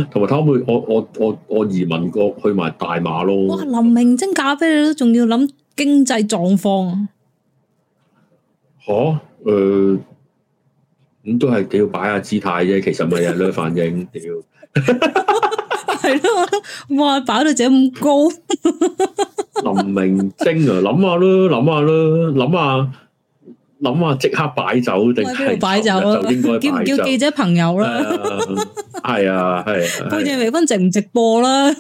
同埋睇下會我我我我移民國去埋大馬咯。哇，林明晶嫁俾你都仲要諗經濟狀況啊？吓、呃，誒、嗯，咁都係要擺下姿態啫，其實咪日兩反應，屌。 係咯， 哇！擺到咁高， 林明晶啊，諗下咯，諗下咯，諗下諗下，即刻擺酒定係擺酒就應該，叫唔叫記者朋友啦？係啊、 哎，係、哎。佢哋未婚直唔直播啦？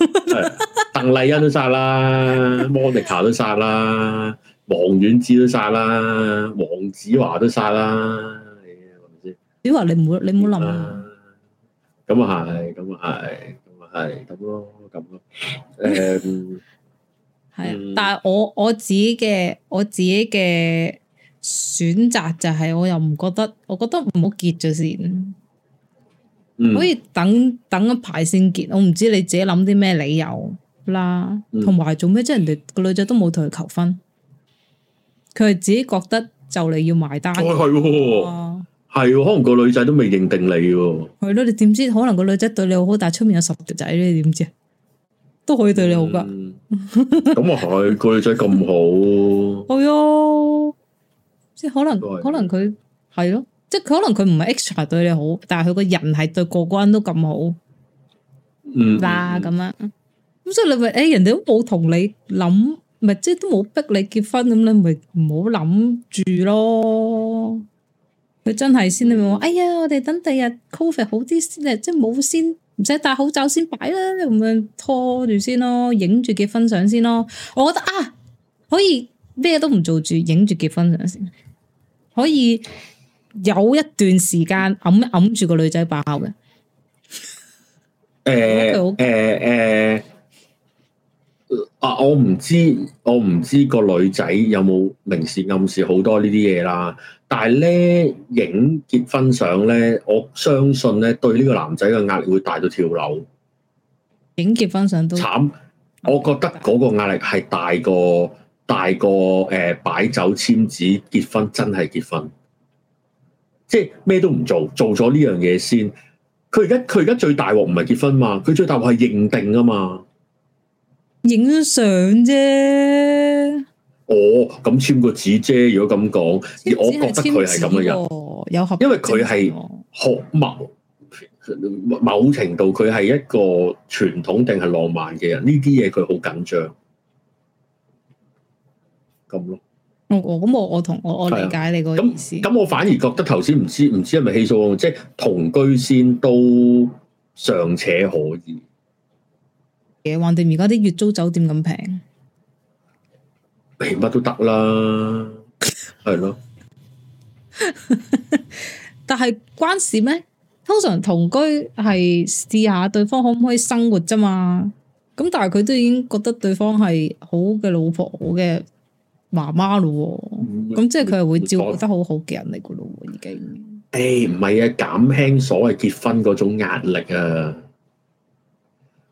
鄧麗欣都殺啦 ，Monica 都殺啦，王菀之都殺啦，黃子華都殺啦，係子華你唔好你唔好諗啊！咁啊係，咁啊係。哎係咁咯，咁咯，誒，係啊，但係我我自己嘅我自己嘅選擇就係、是，我又唔覺得，我覺得唔好結咗先，嗯，可以等等一排先結。我唔知你自己諗啲咩理由啦，同埋做咩？即係人哋個女仔都冇同佢求婚，佢係自己覺得就嚟要埋單。係、哎係，可能個女仔都未認定你。係咯，你點知？可能個女仔對你好，好，但係出面有十隻仔你點知？都可以對你好噶。咁啊係，個女仔咁好。係、嗯、啊，即係 可能，可能佢係咯，即係可能佢唔係 extra 對你好，但係佢個人係對個個人都咁好。嗯啦，咁、嗯、樣。咁所以你咪，誒、欸，人哋都冇同你諗，咪即係都冇逼你結婚，咁你咪唔好諗住咯。佢真係先你咪話，嗯、哎呀，我哋等第日 Covid 好啲先，即係冇先，唔使戴口罩先擺啦，咁樣拖住先咯，影住結婚相先咯。我覺得啊，可以咩都唔做住，影住結婚相先，可以有一段時間揞揞住個女仔爆嘅。誒誒誒。 欸 我唔知，我唔知個女仔有冇明示暗示好多呢啲嘢啦。但係咧影結婚相咧，我相信咧對呢個男仔嘅壓力會大到跳樓。影結婚相都慘，我覺得嗰個壓力係大過大過誒擺酒簽紙結婚真係結婚，即係咩都唔做，做咗呢樣嘢先。佢而家佢而家最大鑊唔係結婚嘛，佢最大鑊係認定啊嘛。影相啫，哦，咁簽個紙啫。如果咁講，而我覺得佢係咁嘅人，哦，有合、哦，因為佢係學某某程度，佢係一個傳統定係浪漫嘅人，呢啲嘢佢好緊張，咁咯。哦，咁我我同我我理解你嘅意思。咁，啊、我反而覺得頭先唔知唔知係咪氣數，即係同居先都尚且可以。嘅，定而家啲月租酒店咁平，平乜都得啦，係咯。但係關事咩？通常同居係試下對方可唔可以生活啫嘛。咁但係佢都已經覺得對方係好嘅老婆，好嘅媽媽咯。咁、嗯、即係佢係會照顧得好好嘅人嚟噶咯，錯已經、哎。誒，唔係啊，減輕所謂結婚嗰種壓力啊。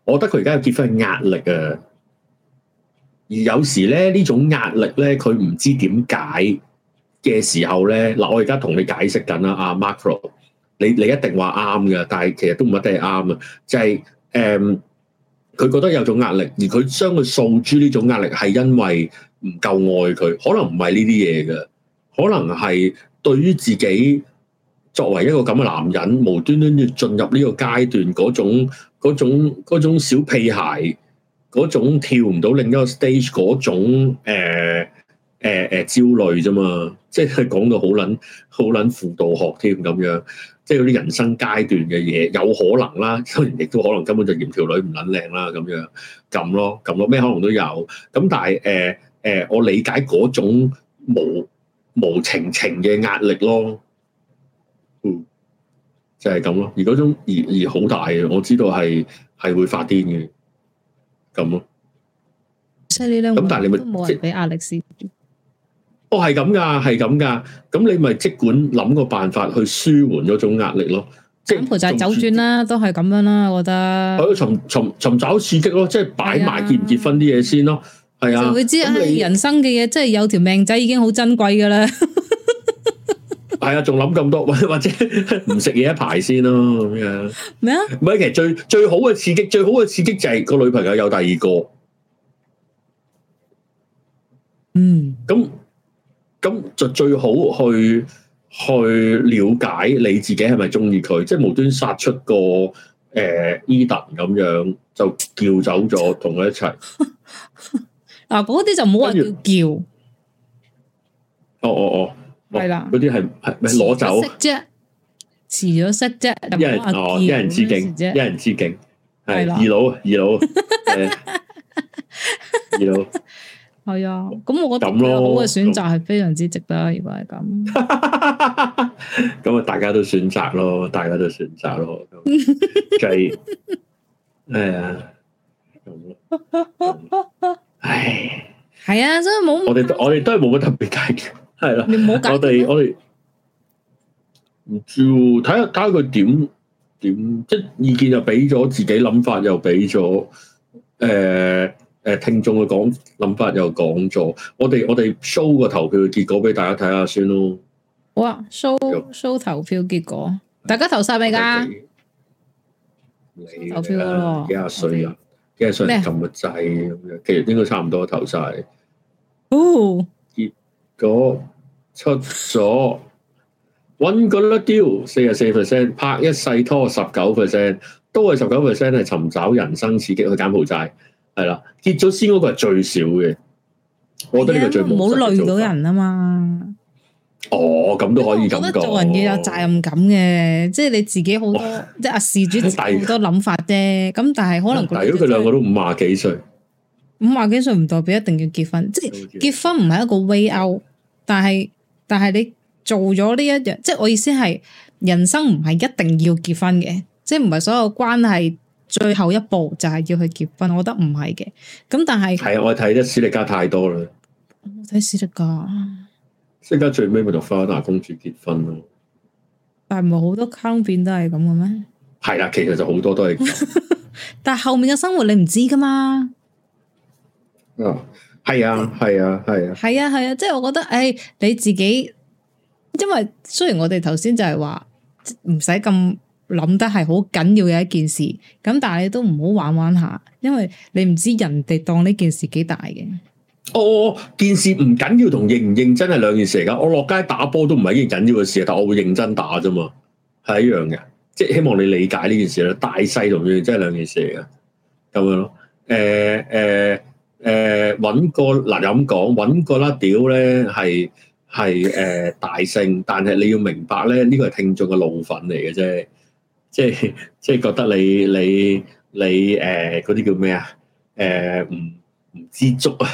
我覺得佢而家有結婚嘅壓力啊，而有時咧呢種壓力咧，佢唔知點解嘅時候咧，嗱我而家同你解釋緊啦，阿 Marco，你你一定話啱嘅，但係其實都唔一定係啱啊，就係誒，佢覺得有種壓力，而佢將佢訴諸呢種壓力係因為唔夠愛佢，可能唔係呢啲嘢嘅，可能係對於自己作為一個咁嘅男人，無端端要進入呢個階段嗰種。嗰種嗰種小屁孩，嗰種跳唔到另一個 stage 嗰種誒誒、呃呃呃、焦慮啫嘛，即係講到好撚好撚輔導學添咁樣，即係嗰啲人生階段嘅嘢有可能啦，雖然亦都可能根本就嫌條女唔撚靚啦咁樣咁咯咁咯，咩可能都有咁，但係誒誒，我理解嗰種無無情情嘅壓力咯。就係咁咯，而嗰種而而好大嘅，我知道係係會發癲嘅，咁咯。犀利啦！咁但係你咪即係俾壓力先。哦，係咁噶，係咁噶。咁你咪即管諗個辦法去舒緩嗰種壓力咯。即係。咁就係走轉啦，都係咁樣啦，啊，我覺得。我都尋尋尋找刺激咯，即係擺埋結唔結婚啲嘢先咯。係啊。啊就會知你人生嘅嘢，即係有條命仔已經好珍貴噶啦。 係啊，仲諗咁多，或者唔食嘢一排先咯，咁樣咩啊？唔係，其實最最好嘅刺激，最好嘅刺激就係個女朋友有第二個，嗯，咁咁就最好去去了解你自己係咪中意佢，即係無端殺出個誒 Eden 咁樣就叫走咗同佢一齊嗱 啊，嗰啲就唔好話叫著哦，哦哦哦。係啦，嗰啲係係攞走啫，辭咗職啫，一人 哦，一人之境，一人之境。係二佬，二佬，二佬，係啊、 哎，咁 我覺得咁好嘅選擇係非常之值得，如果係咁，咁啊，大家都選擇咯，大家都選擇咯，計係啊，咁咯，唉，係啊，所以冇我哋，我哋都係冇乜特別解決。係啦，我哋我哋唔知睇下，睇下佢點點，即係意見又俾咗，自己諗法又俾咗，誒、呃、誒，聽眾佢講諗法又講咗。我哋我哋 show 個投票結果俾大家睇下先咯。好、啊、，show show 投票結果，的大家投晒未噶？啊、投票咯、哦，幾廿歲人啊，Okay. 幾廿歲人撳個掣咁樣，麼其實應該差唔多投晒。哦，結果。出咗揾個甩雕，四十四 percent，拍一世拖十九 percent，都係十九 percent 係尋找人生刺激去柬埔寨，係啦，結咗先嗰個係最少嘅。的我覺得呢個最唔好累到人啊嘛。哦，咁都可以咁講。我覺得做人要有責任感嘅，哦、即係你自己好多哇即係啊事主，你好多諗法啫。咁但係可能如果佢兩個都五廿幾歲，五廿幾歲唔代表一定要結婚，即係是結婚唔係一個 way out，但係。但係你做咗呢一樣，即係我意思係，人生唔係一定要結婚嘅，即係唔係所有關係最後一步就係要去結婚，我覺得唔係嘅。咁但係係啊，我睇得史力加太多啦。我睇史力加，即係而家最尾咪同花大公主結婚咯。但係唔係好多卡通片都係咁嘅咩？係啦，其實就好多都係。 但係後面嘅生活你唔知噶嘛？啊！係啊，係啊，係啊，係啊，係啊！即係、啊啊、我覺得，誒、哎，你自己，因為雖然我哋頭先就係話唔使咁諗得係好緊要嘅一件事，咁但係你都唔好玩玩下，因為你唔知人哋當呢件事幾大嘅。哦，件事唔緊要同認唔認真係兩件事嚟噶。我落街打波都唔係一件緊要嘅事，但我會認真打啫嘛，係一樣嘅。即係希望你理解呢件事啦，大細同認真係兩件事嚟噶，咁樣咯。誒，誒。誒誒揾、啊、個嗱又咁講揾個啦屌咧係係誒大勝，但係你要明白咧，呢個係聽眾嘅怒憤嚟嘅啫，即係即係覺得你你你誒嗰啲叫咩啊？誒唔唔知足啊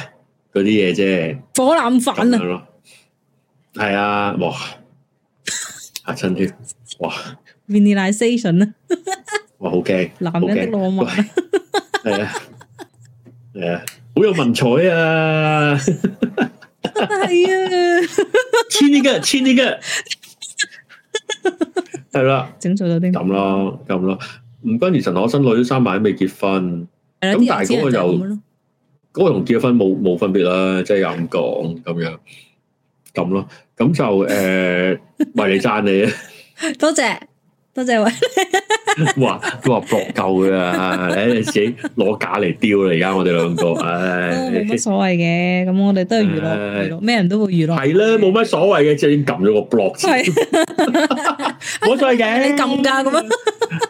嗰啲嘢啫，火腩粉 啊，係啊哇嚇春天！哇，mini station 啊，哇，好驚，男人的浪漫係啊係啊。哎 好有文采啊！係啊，簽呢個，簽呢個，係啦， 吧整做到啲咁咯，咁咯。唔關、嗯、而陳可辛女都三百都未結婚，咁了但係嗰個又，嗰個同結婚冇冇分別啦，即係咁講咁樣，咁咯，咁就誒、呃，為你讚你啊，多 謝，謝。多謝喂 哇都話搏夠嘅， 你自己攞架嚟丟啦，而家我哋兩個，唉，冇乜所謂嘅，咁我哋都係娛樂娛樂，咩唉人都會娛樂，係啦，冇乜所謂嘅，即係已經撳咗個 block 冇所謂嘅，你撳噶咁樣。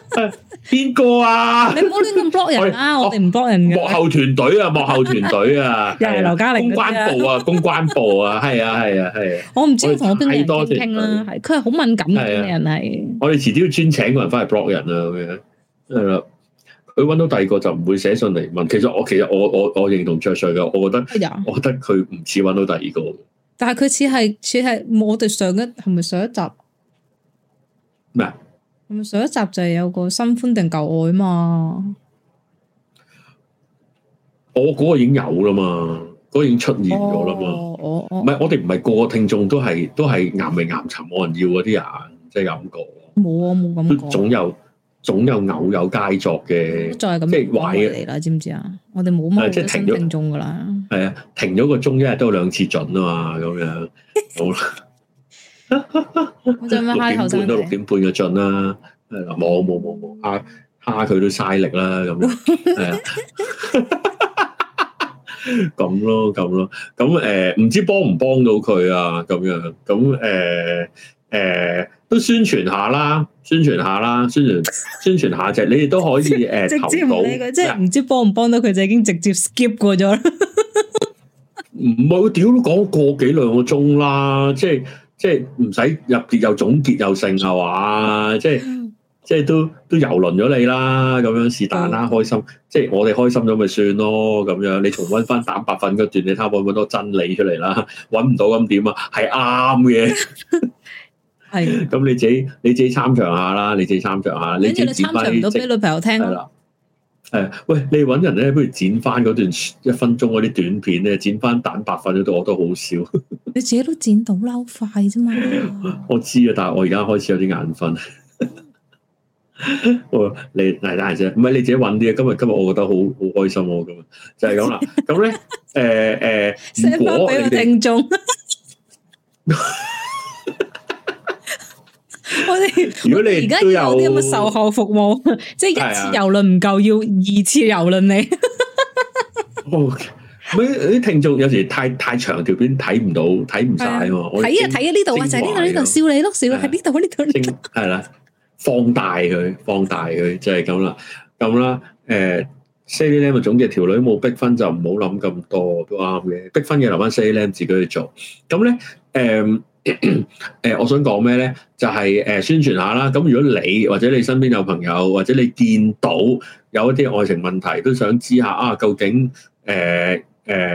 邊個啊？你唔好亂咁 block 人啊！我哋唔 block 人幕後團隊啊，幕後團隊啊，又係劉嘉玲公關部啊，公關部啊，係啊，係啊，係。我唔知同我邊個人傾啦，係佢係好敏感嘅人，係。我哋遲啲要專請個人翻嚟 block 人啊咁樣。係啦，佢搵到第二個就唔會寫信嚟問。其實我其實我我我認同卓 sir 㗎，我覺得，我覺得佢唔似搵到第二個。但係佢似係似係我哋上一係咪上一集咩？上一集就係有個新歡定舊愛嘛我嗰個已經有啦嘛，嗰、嗰個已經出現咗啦嘛，我我唔係我哋唔係個個聽眾都係、哦、都係岩明岩沉冇人要嗰啲人，即係感覺，冇啊冇咁講，總有總有偶有佳作嘅，再即係壞嚟啦，你了知唔知啊？我哋冇乜即係停咗鐘噶啦，係啊，停咗個鐘一日都有兩次準啊嘛，咁樣好啦。 六點 半都六點半嘅進啦，係啦，冇冇冇冇，蝦蝦佢都嘥力啦，咁樣係啊，咁咯，咁咯，咁、嗯、誒，唔、嗯、知幫唔幫到佢啊？咁樣咁誒誒，都宣傳下啦，宣傳下啦，宣傳宣傳下就你哋都可以誒， 呃、直接唔理佢，倒即係唔知幫唔幫到佢就已經直接 skip 過咗，唔係我屌都講過幾兩個鐘啦，即係。 即係唔使入結又總結又成係話，即係即係都都遊輪咗你啦，咁樣是但啦，開心。即係我哋開心咗咪算咯，咁樣你重温翻蛋白粉嗰段，你睇下會唔會多真理出嚟啦？揾唔到咁點啊？係啱嘅，係 的。咁你自己你自己參詳下啦，你自己參詳下，你自己你你參詳唔到俾女朋友聽。 係，喂，你揾人咧，不如剪翻嗰段一分鐘嗰啲短片咧，剪翻蛋白粉嗰度，我都好少。 你自己都剪到撈塊啫嘛。 我知啊，但係我而家開始有啲眼瞓。我 你嚟等姐，唔係你自己揾啲啊。今日今日我覺得好好開心哦，咁就係咁啦。咁咧， 誒、呃、誒，如、呃、 果俾我定中。 我哋 如果你而家 有啲咁嘅售後服務，即係 一次游輪唔夠，要二次游輪你。我啲我聽眾有時太太長條片睇唔到，睇唔晒喎。睇 啊睇啊呢度啊就係呢度呢度笑你咯笑喺呢度呢度。係啦，放大佢，放大佢就係咁啦。咁啦，誒，say them 總結條女冇逼婚就唔好諗咁多，都啱嘅。逼婚嘅留翻 say them 自己去做。咁咧，誒、嗯。嗯嗯嗯誒咳咳、呃，我想講咩咧？就係、是、誒、呃、宣傳下啦。咁如果你或者你身邊有朋友，或者你見到有一啲愛情問題，都想知下啊，究竟誒誒、呃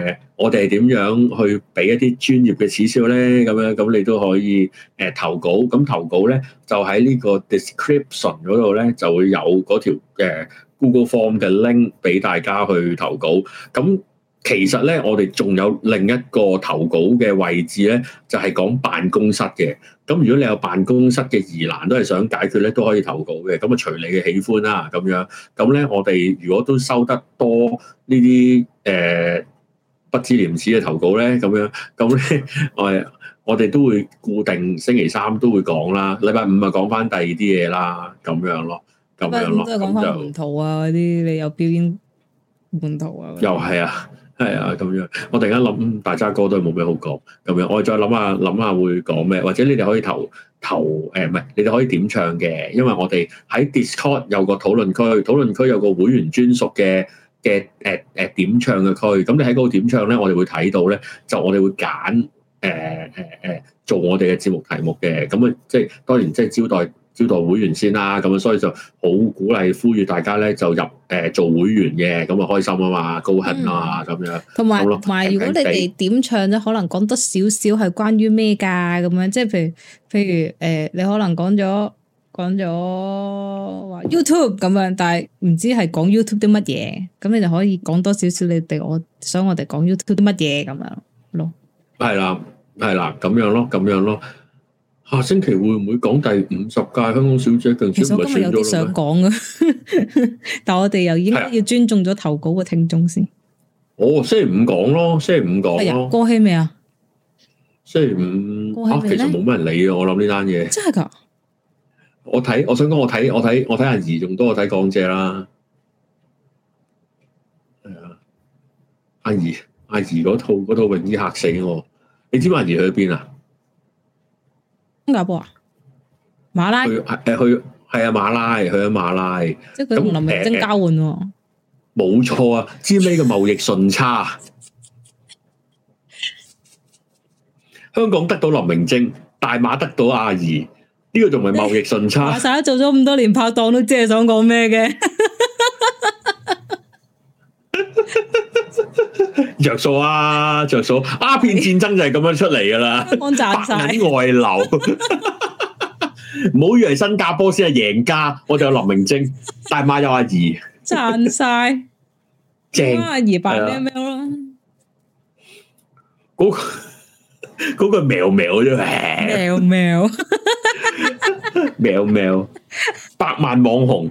呃，我哋係點樣去俾一啲專業嘅恥笑咧？咁樣咁樣，你都可以誒、呃、投稿。咁投稿咧，就喺呢個 description 嗰度咧，就會有嗰條、呃、Google Form 嘅 link 俾大家去投稿。咁。其實咧，我哋仲有另一個投稿嘅位置咧，就係、是、講辦公室嘅。咁如果你有辦公室嘅疑難，都係想解決咧，都可以投稿嘅。咁啊，隨你嘅喜歡啦，咁樣。咁咧，我哋如果都收得多呢啲誒不知廉恥嘅投稿咧，咁樣咁咧，我我哋都會固定星期三都會講啦，禮拜五啊講翻第二啲嘢啦，咁樣咯，咁樣咯。禮拜五都係講翻圖啊嗰啲，你有表演換圖啊？又係啊！係啊，咁、哎、樣，我突然間諗，大家歌都冇咩好講，咁樣我再諗下諗下會講咩，或者你哋可以投投誒，唔、呃、係你哋可以點唱嘅，因為我哋喺 Discord 有個討論區，討論區有個會員專屬嘅嘅誒誒點唱嘅區，咁你喺嗰度點唱咧，我哋會睇到咧，就我哋會揀誒誒誒做我哋嘅節目題目嘅，咁啊即係當然即係招待。招待會員先啦，咁樣所以就好鼓勵呼籲大家咧就入誒做會員嘅，咁啊開心啊嘛，高興啊嘛咁樣，咁咯。同埋如果你哋點唱咧，可能講多少少係關於咩噶咁樣，即係譬如譬如誒，你可能講咗講咗話 YouTube 咁樣，但係唔知係講 YouTube 啲乜嘢，咁你就可以講多少少你哋我，想我哋講 YouTube 啲乜嘢咁樣咯。係啦，係啦，咁樣咯，咁樣咯。下星期會唔會講第五十屆香港小姐？是是，其實我有啲想講啊， 但我哋又應該要尊重咗投稿嘅聽眾先。我，啊 oh, 星期五講咯，星期五講咯。哎，過期未啊？星期五過期啊，其實冇乜人理啊。我諗呢單嘢真係噶。我睇，我想講我，我睇，我睇，我睇阿儀仲多過睇港姐啦。係，哎，啊，阿儀，阿儀嗰套嗰套泳衣嚇死我！你知唔知阿儀去邊啊？新加坡啊，馬拉去誒去係啊馬拉去咗馬拉，即係佢同林明貞交換喎、啊，冇、呃、錯啊，知咩嘅貿易順差， 香港得到林明貞，大馬得到阿怡，呢、這個仲係貿易順差，做咗咁多年拍檔都知係想講咩嘅。 着數啊，着數！鴉、啊、片戰爭就係咁樣出嚟噶啦，賺晒啲外流。唔 好以為新加坡先係贏家，我仲有林明晶，大馬有阿儀，賺 晒正，正光阿儀扮喵喵咯。嗰嗰個喵喵啫，喵喵喵喵，百萬網紅。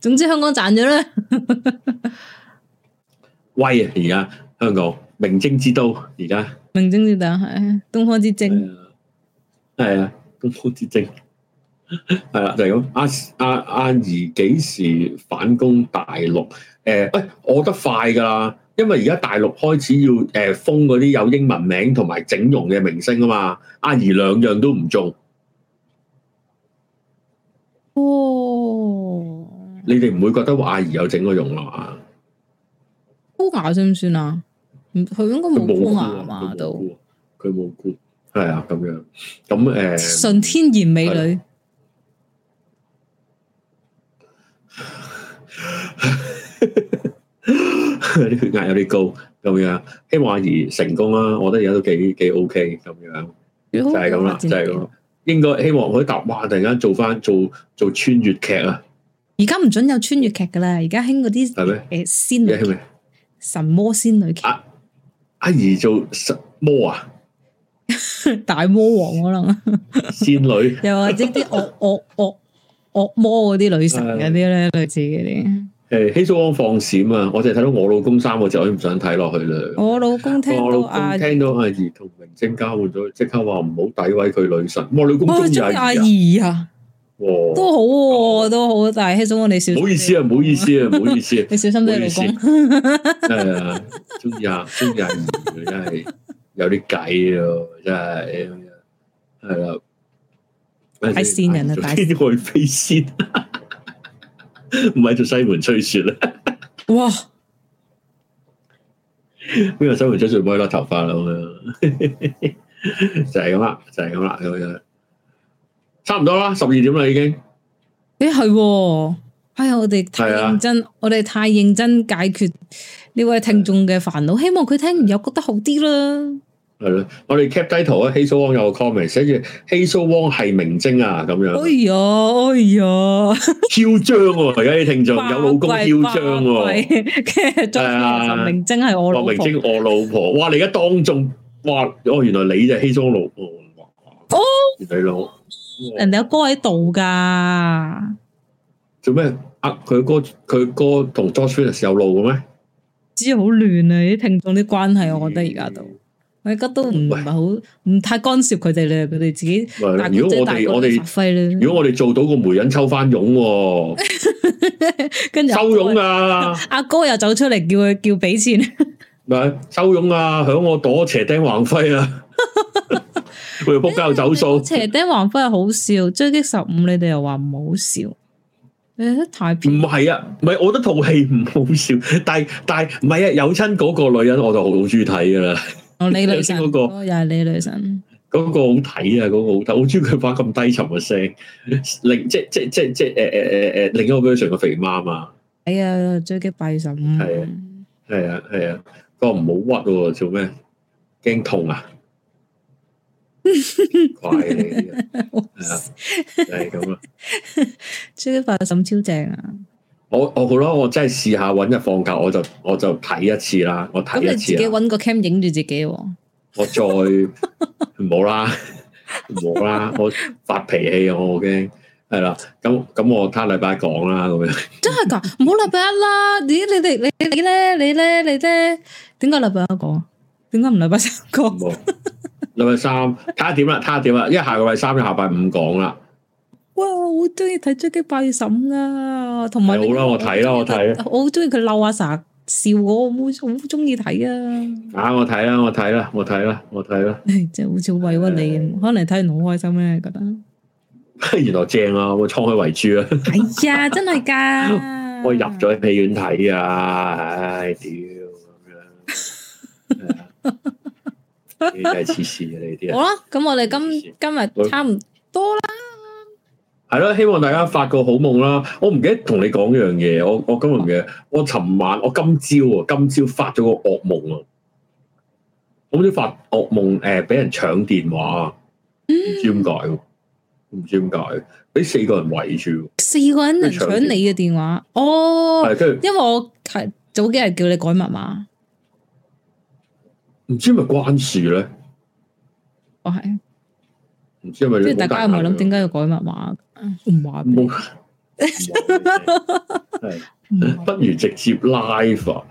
總之香港賺咗啦，威 啊！而家香港明星之都，而家明星之都係東方之晶。係啊，東方之晶。係啦、哎 哎，就係、是、咁。阿阿阿儀幾時反攻大陸？誒，誒，我得快噶，因為而家大陸開始要誒封嗰啲有英文名同埋整容嘅明星啊嘛。阿儀兩樣都唔做。哦你哋唔會覺得話阿姨有整過容啊？嘛，箍牙算唔算啊？佢應該冇箍牙啊嘛，都佢冇箍，係啊，咁、嗯啊啊啊、樣咁誒，純、嗯、天然美女，啲是、啊、 血壓有啲高，咁樣希望阿姨成功啦、啊，我覺得而家都幾幾 OK 咁樣，嗯、就係咁啦，就係咁面，應該希望佢答話，突然間做翻做做，做穿越劇啊！而家唔准有穿越劇噶啦，而家興嗰啲誒仙女嗎神魔仙女劇，啊。阿阿儀做神魔啊， 大魔王可能仙女， 又或者啲惡惡惡惡魔嗰啲女神嗰啲咧，的類似嗰啲。誒，希蘇放閃啊！我淨係睇到我老公三嗰字，我都唔想睇落去啦。我老公聽到阿姨聽到阿儀同明星交換咗，即刻話唔好詆毀佢女神。我老公中意阿儀啊。啊哇都好、啊，哇都好，但係希望你小心。唔好意思啊，唔我好意思啊，唔呵好意思。你小心啲老公。係啊，中意啊，中意啊，真係有啲計咯，真係咁啊，係、嗯、啦，大善人啊，大愛飛仙，唔係 做西門吹雪啦。哇！邊個西門吹雪甩頭髮啦？咁 樣就係咁啦，就係咁啦，咁樣。差唔多啦，十二點啦已經。誒係、欸，係我哋太認真，的我哋太認真解決呢位聽眾嘅煩惱，希望佢聽完又覺得好啲啦。係咯，我哋 cap 低圖啊，Hazel Wong 有個 comment 寫住 Hazel Wong 係明晶啊，咁樣。哎呀，哎呀，囂張喎！而家啲聽眾有老公囂張喎，明明晶係我老婆，明晶我，我老婆，哇！ 你而家當眾，哇！哦，原來你就 Hazel 老婆，哦，你老人哋阿哥喺度噶，做咩？呃、啊，佢哥，佢哥同 Joshua 有路嘅咩？真係好亂啊！啲聽眾啲關係、啊，我覺得而家都，我而家都唔係好，唔喂太干涉佢哋啦。佢哋自己喂大姑哥姐大姑橫揮啦。如果我哋做到個媒人抽翻佣，跟住周佣啊！ 阿哥又走出嚟叫佢叫俾錢，咪收佣啊！響、 啊、我躲斜釘橫揮啊！ 佢又撲街又走數，斜頂黃輝又好笑。追擊十五你哋又話唔好笑，你太唔係啊，唔係，我覺得套戲唔好笑，但係但係唔係啊，有親嗰個女人我就好中意睇噶啦，你女神嗰個又係你女神，嗰個好睇啊，嗰個好睇，我中意佢把咁低沉嘅聲，另即即即即誒誒誒誒，另一個 v 肥媽嘛，哎呀，追擊八月十五，係啊係啊係啊，不過唔好屈喎，做咩驚痛啊？哎呀 怪你係 啊，係咁啦。最近髮型超正啊！我我好咯，我真係試下，搵日放假，我就我就睇一次啦。我睇一次 咁你自己搵個 cam 影住自己，啊。我再唔好 別啦，唔 好啦，我發脾氣，我好驚。係 啦，咁咁我下禮拜一講啦，咁樣。真係噶，唔好禮拜一啦！咦，你哋你你咧，你咧，你咧，點解禮拜一講？點解唔禮拜三講？ 禮拜三，睇下點啦，睇下點啦，因為下個禮拜三，下拜五講啦。哇，我好中意睇《追擊8月15》啊，同埋 好啦，我睇啦，我睇。我好中意佢嬲阿 Sa 笑我，我好中意睇啊。啊，我睇啦，我睇啦，我睇啦，我睇啦。真係好似委屈你，可能睇完好開心咧，覺得。原來正啊！我為主啊、 哎《滄海遺珠》 啊。係、哎、啊，真係噶。我入咗去戲院睇啊！唉，屌。咁係似似嘅呢啲。好啦，咁我哋今今日差唔多啦。係啦，希望大家發個好夢啦。我唔記得同你講一樣嘢。我我今日我尋晚我今朝啊，今朝發咗個惡夢啊。我啲發惡夢誒，俾、呃、人搶電話，唔、嗯、知點解，唔知點解，俾四個人圍住。四個人嚟搶你嘅電、電話？哦，係，因為我係早幾日叫你改密碼。唔知係咪關事咧，我係唔知係咪？即係大家有冇諗點解要改密碼，唔玩？不如直接 live 啊！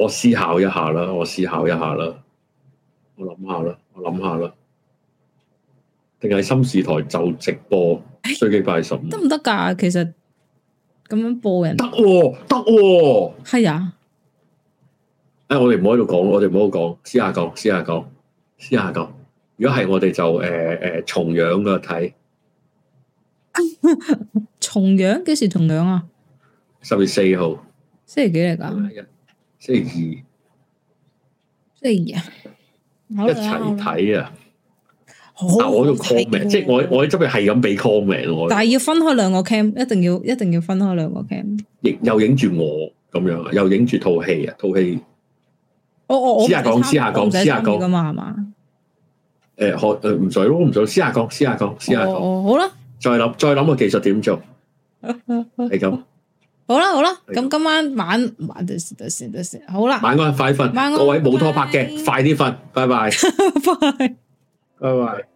我思考一下啦，我思考一下啦，我諗下啦，我諗下啦，定係心事台就直播，最起拜神？得唔得噶？其實咁樣播人得喎，得喎，係啊。誒、哎，我哋唔好喺度講，我哋唔好講，私下講，私下講，私下講。如果係我哋就誒誒重陽嘅睇，重陽幾 時重陽啊？十月四號，星期幾嚟㗎？星期二，星期二，一齊睇啊！但我喺度 comment，即係我我喺中面係咁俾 comment。我但係要分開兩個 cam，一定要一定要分開兩個 cam。影又影住我咁樣，又影住套戲啊，套戲。我我我，私下講，私下講，私下講，咁啊，係嘛？誒，可誒，唔做咯，唔做，私下講，私下講，私下講，好啦，再諗，再諗個技術點做，係咁。好啦，好啦，咁今晚晚，晚到時到時到時，好啦，晚安，快啲瞓。各位冇拖拍嘅，快啲瞓，拜拜，拜拜。